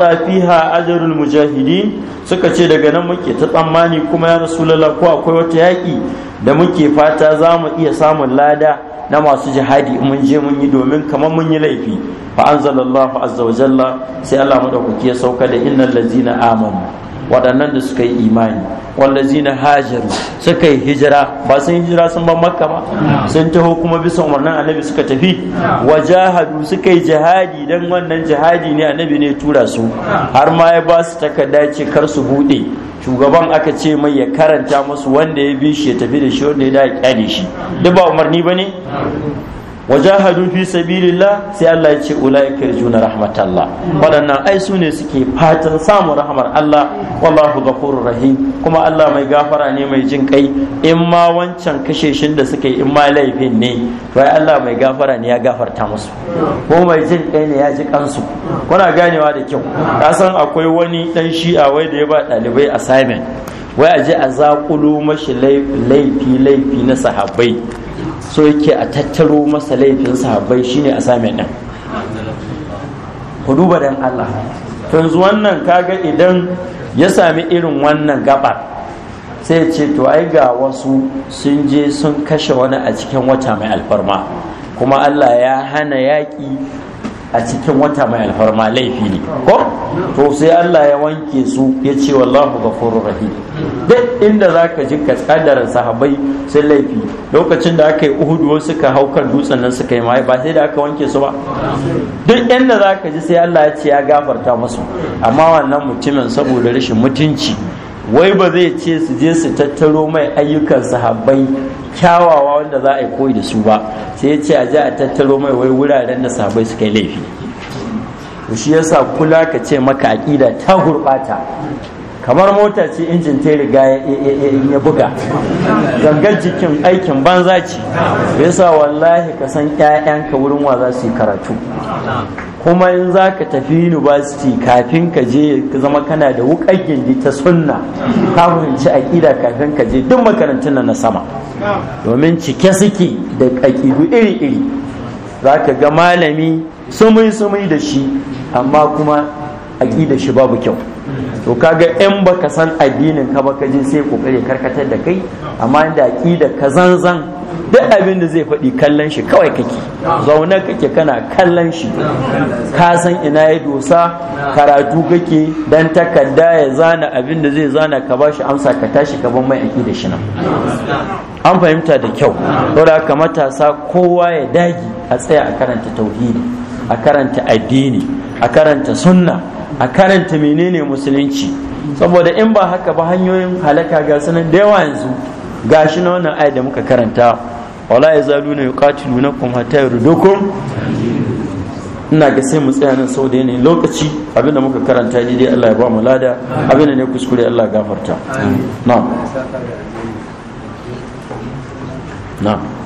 ta fiha ajrul mujahidin suka ce daga nan muke ta tsammani kuma ya rasulullah ko akwai wata yaki da muke fata za mu iya samun lada na masu jihadi mun je mun yi domin kamar mun yi laifi fa anzalallahu azza wa jalla sai Allah madaukaki ya sauka da innal ladzina amanu waɗannan da suka yi imani wallazina hajaru suka yi hijira ba sun hijira sun ban makka ba sun taho kuma bisa umarnin annabi suka tafi wajahadu suka yi jihadi dan wannan jihadi ne annabi ne tura su har ma ya ba su takarda ce kar su bude shugaban aka ce mai ya karanta musu wanda ya bi shi ya tafi da shi wanda ya da ya kyale shi duk ba umarni ba ne wajahadu fi sabilillah sai Allah ya ce ulaika yarjuna rahmatallah wadannan ai su ne suke fatan samun rahmar Allah wallahu ghafurur rahim kuma Allah mai gafara ne mai jin kai in ma wancan kashe shin da suke, in ma laifin ne to ai Allah mai gafara ne ya gafarta musu ko mai jin kai ne ya ji kansu kuna ganewa da kyau ka san akwai wani dan shi'a wai da ya ba ɗalibai assignment wai aje a zaƙulo mashi laifi laifi na sahabbai so yake a tattaro masa laifin sahabbai shine a same ɗin ku duba dan Allah yanzu wannan kaga idan ya sami irin wannan gaɓar sai ce to ai ga wasu sun je sun kashe wani a cikin wata mai alfarma kuma Allah ya hana yaƙi a cikin wata mai alfarma laifi ne ko to sai Allah ya wanke su ya ce wallahu gafurur rahim duk inda zaka ji ka kadaran sahabbai sai laifi lokacin da aka yi uhudu suka haukar hau dutsen nan suka yi mai ba sai da aka wanke su ba duk inda zaka ji sai Allah ya ce ya gafarta musu amma wannan mutumin saboda rashin mutunci wai ba zai ce su je su tattaro mai ayyukan sahabbai kyawawa wanda za a yi koyi da su ba sai ce a je a tattaro mai wai wuraren da sahabbai suka yi laifi shi yasa kula ka ce maka aƙida ta gurɓata kamar mota ce injin ta riga ya buga gangar jikin aikin banza ce yasa wallahi ka san ka wurin wa za su yi karatu kuma in za ka tafi university kafin ka je ka zama kana da wukar gindi ta sunna ka fahimci aƙida kafin ka je duk makarantun na sama domin cike suke da aƙidu iri-iri za ka ga malami sumai-sumai da shi amma kuma aƙida shi babu kyau to kaga yan baka san addinin ka baka je sai kokari karkatar da kai amma inda aƙida ka zanzan duk abin da zai faɗi kallon shi kawai kake zaune kake kana kallon shi ka san ina ya dosa karatu kake dan takarda ya zana abin da zai zana ka bashi amsa ka tashi ka ban mai aƙida shi nan an fahimta da kyau saboda haka matasa kowa ya dagi a tsaya a karanta tauhidi a karanta addini a karanta sunna a karanta menene musulunci saboda in ba haka ba hanyoyin halaka ga sunan da yawa yanzu gashi na wannan ayat da muka karanta wala na na kum hatta yurdukum ina ga sai mu tsaya nan saboda da yanayin lokaci abinda muka karanta dai Allah ya ba mu lada abinda ne kuskure Allah ya gafarta na'am na'am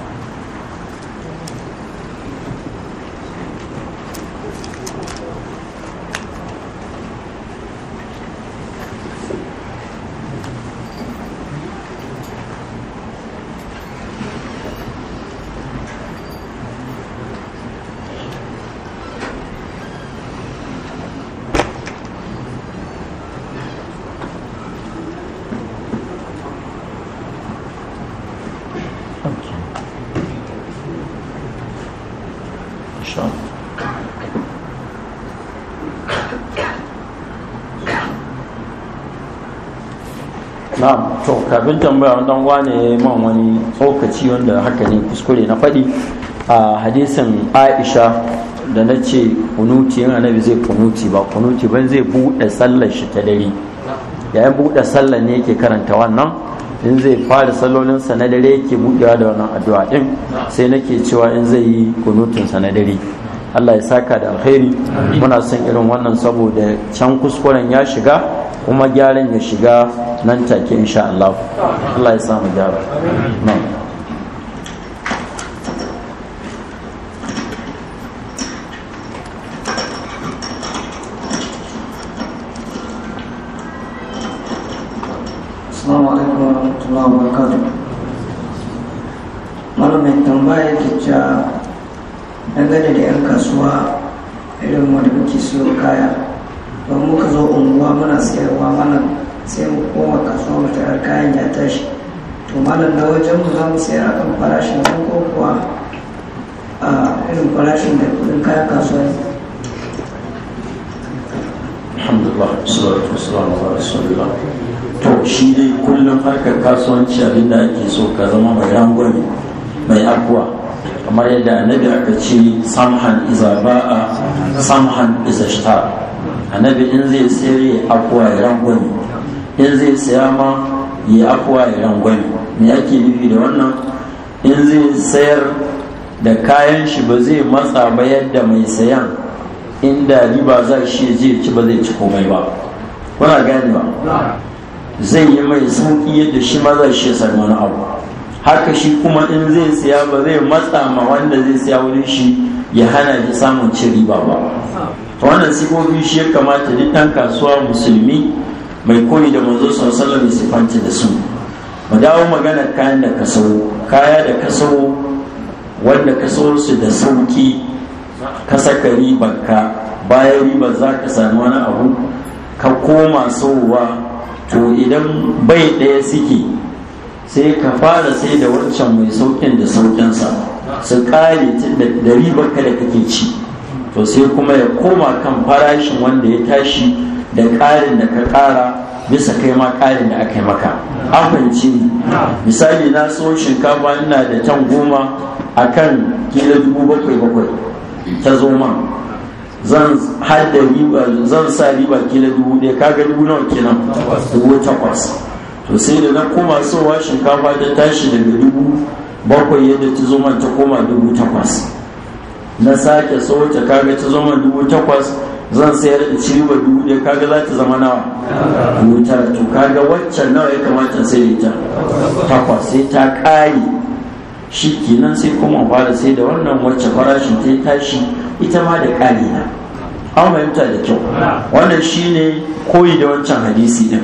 kafin tambaya wannan wane man wani tsokaci wanda haka ne kuskure na faɗi a hadisin aisha da na ce kunuti yana annabi zai kunuti ba kunuti ban zai buɗe sallar shi ta dare yayin buɗe sallar ne yake karanta wannan in zai fara sallolinsa na dare yake buɗewa da wannan addu'a ɗin sai nake cewa in zai yi kunutinsa na dare Allah ya saka da alkhairi muna son irin wannan saboda can kuskuren ya shiga kuma gyaran ya shiga nan take insha Allah Allah ya samu gyara Assalamu Malamin tambaya yake cewa dangane da 'yan kasuwa irin wanda muke siyo kaya don muka zo unguwa muna siyar. kayan ya tashi to malam na wajen mu za mu sayar akan farashin nan ko kuwa a irin farashin da kudin kayan kasuwa alhamdulillah salatu wassalamu ala rasulillah to shi dai kullum harkar kasuwanci abinda ake so ka zama mai rangwame mai akuwa kamar yadda annabi aka ce samhan iza ba'a samhan iza shtar annabi in zai sayar ya afuwa ya rangwame in zai saya ma ya afuwa ya rangwani me ake nufi da wannan in zai sayar da kayan shi ba zai matsa ba yadda mai sayan inda riba za shi zai ci ba zai ci komai ba kuna gane ba zai yi mai sauki yadda shi ma za shi sami wani abu haka shi kuma in zai siya ba zai matsa ma wanda zai siya wurin shi ya hana shi samun cin riba ba wannan sifofi shi ya kamata duk ɗan kasuwa musulmi mai koyi da manzo sallallahu alaihi wasallam da su mu dawo magana kayan da ka kaya da ka wanda ka sau su da sauki ka saka ribarka bayan ribar za ka sami wani abu ka koma sauwa to idan bai ɗaya suke sai ka fara sai da wancan mai saukin da saukinsa su kare da ka da kake ci to sai kuma ya koma kan farashin wanda ya tashi da ƙarin da ka ƙara bisa kai ma ƙarin da aka yi maka fahimci misali na so shinkafa ina da tan goma a kan kila dubu bakwai bakwai ta zo man zan hada riba zan sa riba kila dubu ɗaya kaga dubu nawa kenan dubu takwas to sai da na koma sowa shinkafa ta tashi daga dubu bakwai yadda ta zo man ta koma dubu takwas na sake so ta kaga ta zo man dubu takwas zan sayar da ci riba dubu ɗaya kaga za ta zama nawa dubu tara to kaga waccan nawa ya kamata sai ita takwas sai ta ƙari shi kenan sai kuma fara sai da wannan wacce farashin ta tashi ita ma da ƙari na an fahimta da kyau wannan shi ne koyi da wancan hadisi din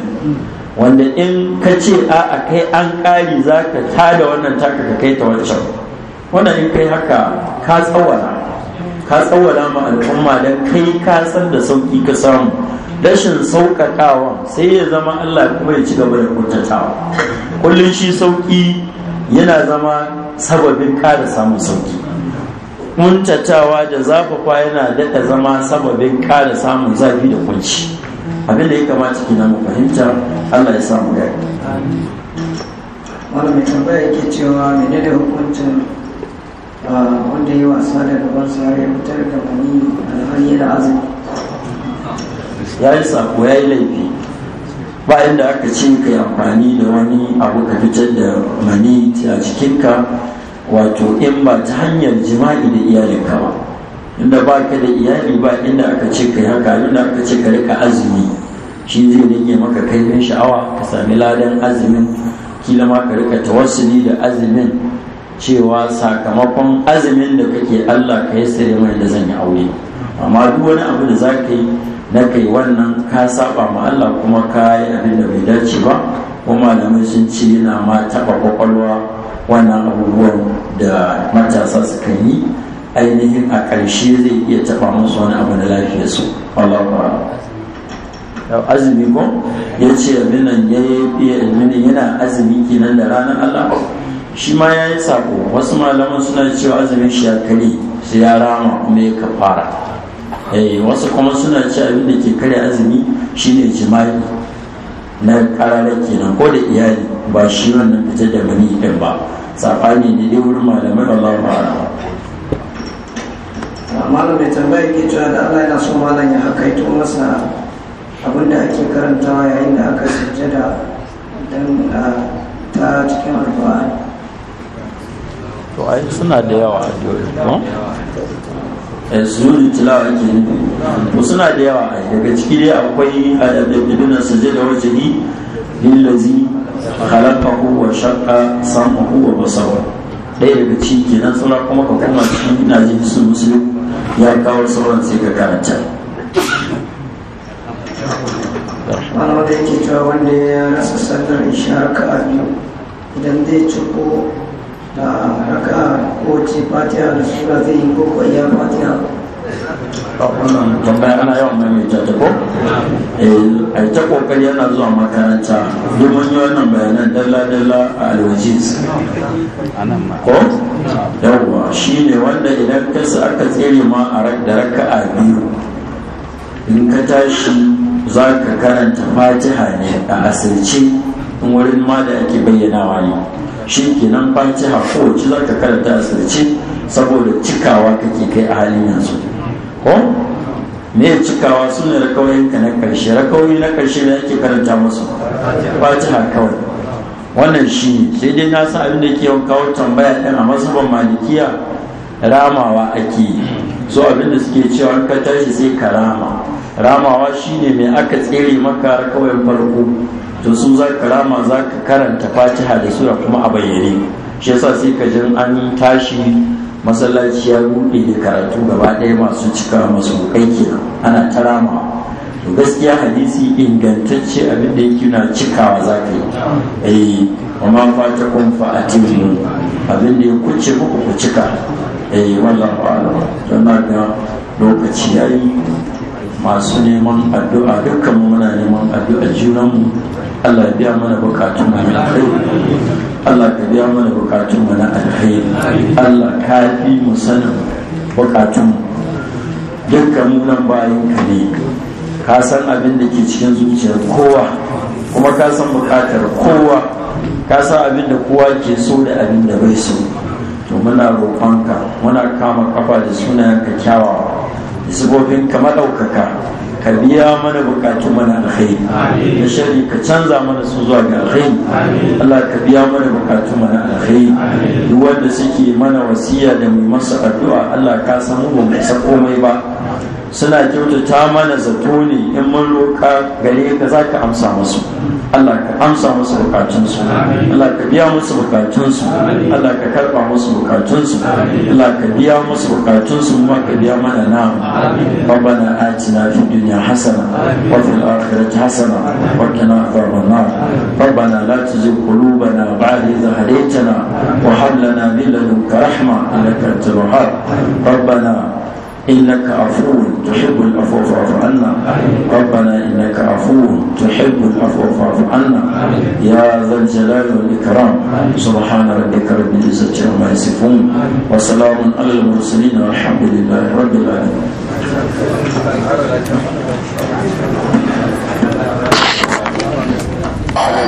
wanda in ka ce a kai an ƙari za ka tada wannan taka ka kai ta wancan wannan in kai haka ka tsawara ka tsawada ma al'umma dan kai ka san da sauki ka samu rashin sauƙaƙawa sai ya zama Allah kuma ya ci gaba da kuntatawa kullum shi sauki yana zama sababin ƙara samun sauki kuntatawa da zafafa yana daɗa zama sababin ƙara samun zafi da kunci Abin da ya kamata kina mu fahimta Allah ya samu gari. Malam mai tambaya yake cewa menene hukuncin Um, wanda ya ya yi sako ya yi laifi ba inda aka ce ka yi amfani da wani abu ka fitar da mani a cikinka wato in ba ta hanyar jima'i da iyalinka ba inda ba ka da iyali ba inda aka ce ka yi haka inda aka ce ka rika azumi shi zai rage maka kaifin sha'awa ka sami ladan azumin kila ma ka rika tawassuli da azumin cewa sakamakon azumin da kake Allah ka yassare mai da zan yi aure amma duk wani abu da za ka yi na kai wannan ka saba ma Allah kuma ka yi abin da bai dace ba ko malamai sun ce yana ma taɓa kwakwalwa wannan abubuwan da matasa suka yi ainihin a ƙarshe zai iya taba musu wani abu na lafiyarsu Allah azumi ko ya ce abinan yana azumi kenan da ranar Allah shi ma ya yi sako wasu malaman suna cewa azumin shi ya kare su ya rama kuma ya kafara eh, wasu kuma suna cewa abin da ke kare azumi shine jima'i na karara kenan ko da iyali ba shi wannan fita da mani ɗin ba saɓani ne dai wurin malamai Allah ma'ana malam mai tambaya ke cewa da Allah yana so malam ya hakaito masa abin da ake karantawa yayin da aka sujjada don ah, ta cikin alfahari to ai suna da yawa a doyi ko eh, sujudin tilawa ke nufi to suna da yawa daga ciki dai akwai da sujada yi lillazi khalaqahu kowa shakka samahu kowa basara ɗaya daga ciki kenan suna kuma ka koma cikin ina jin su musulun ya kawo sauran sai ka karanta wanda yake cewa wanda ya rasa sallar isha ka biyu idan zai ciko raka ko ce fatiha da sura zai yi ko ya fatiha wannan tambaya ana yawan maimaita ta ko eh, a ta kokari yana zuwa makaranta domin yi wannan bayanan dalla-dalla a ko shi ne wanda idan kasa aka tsere ma a da raka a biyu in ka tashi za ka karanta fatiha ne a asirce in wurin ma da ake bayyanawa ne shi kenan fatiha kowace za ka karanta a sirce saboda cikawa kake kai a halin yanzu ko me cikawa su ne rakawoyin ka na karshe rakawoyi na karshe da ake karanta musu fatiha kawai wannan shi sai dai na sa abin da ke yawan kawo tambaya ɗin a masaban malikiya ramawa ake yi so abin da suke cewa ka tashi sai ka rama ramawa shine mai aka tsere maka rakawoyin farko to su za ka rama za ka karanta fatiha da sura kuma a bayyane shi yasa sai ka jin an tashi masallaci ya buɗe da karatu gaba ɗaya masu cika masu aiki ana ta rama to gaskiya hadisi ingantacce abin da yake na cikawa za ka yi eh amma fata kun atimu abin da ya kuce muku ku cika eh wallahi ba'ala don ga lokaci yayi masu neman addu'a dukkan muna neman addu'a junanmu Allah ya biya mana bukatun mana na alkhairi Allah ka biya mana bukatun mana na alkhairi Allah ka fi mu sanin bukatun dukkan mu bayan ka ne ka san abin da ke cikin zuciyar kowa kuma ka san bukatar kowa ka san abin da kowa ke so da abin da bai so to muna roƙonka muna kama kafa da sunayen ka kyawawa da sifofin ka maɗaukaka ka biya mana bukatu mana alkhairi da shari ka canza mana su zuwa ga alkhairi Allah ka biya mana bukatu mana alkhairi duk wanda suke mana wasiya da mai masa addu'a Allah ka san mu ba mu komai ba suna kyautata mana zato ne in mun roƙa gare ka za ka amsa musu Allah ka amsa musu bukatunsu Allah ka biya musu bukatunsu Allah ka karba musu bukatunsu Allah ka biya musu bukatunsu kuma ka biya mana namu ربنا آتنا في الدنيا حسنة وفي na حسنة وقنا عذاب النار ربنا لا تزغ قلوبنا بعد إذ na وهب لنا من لدنك رحمة إنك أنت الوهاب ربنا إنك عفو تحب العفو فاعف عنا ربنا إنك عفو تحب العفو فاعف عنا يا ذا الجلال والإكرام سبحان ربك رب العزة عما يصفون وسلام على المرسلين والحمد لله رب العالمين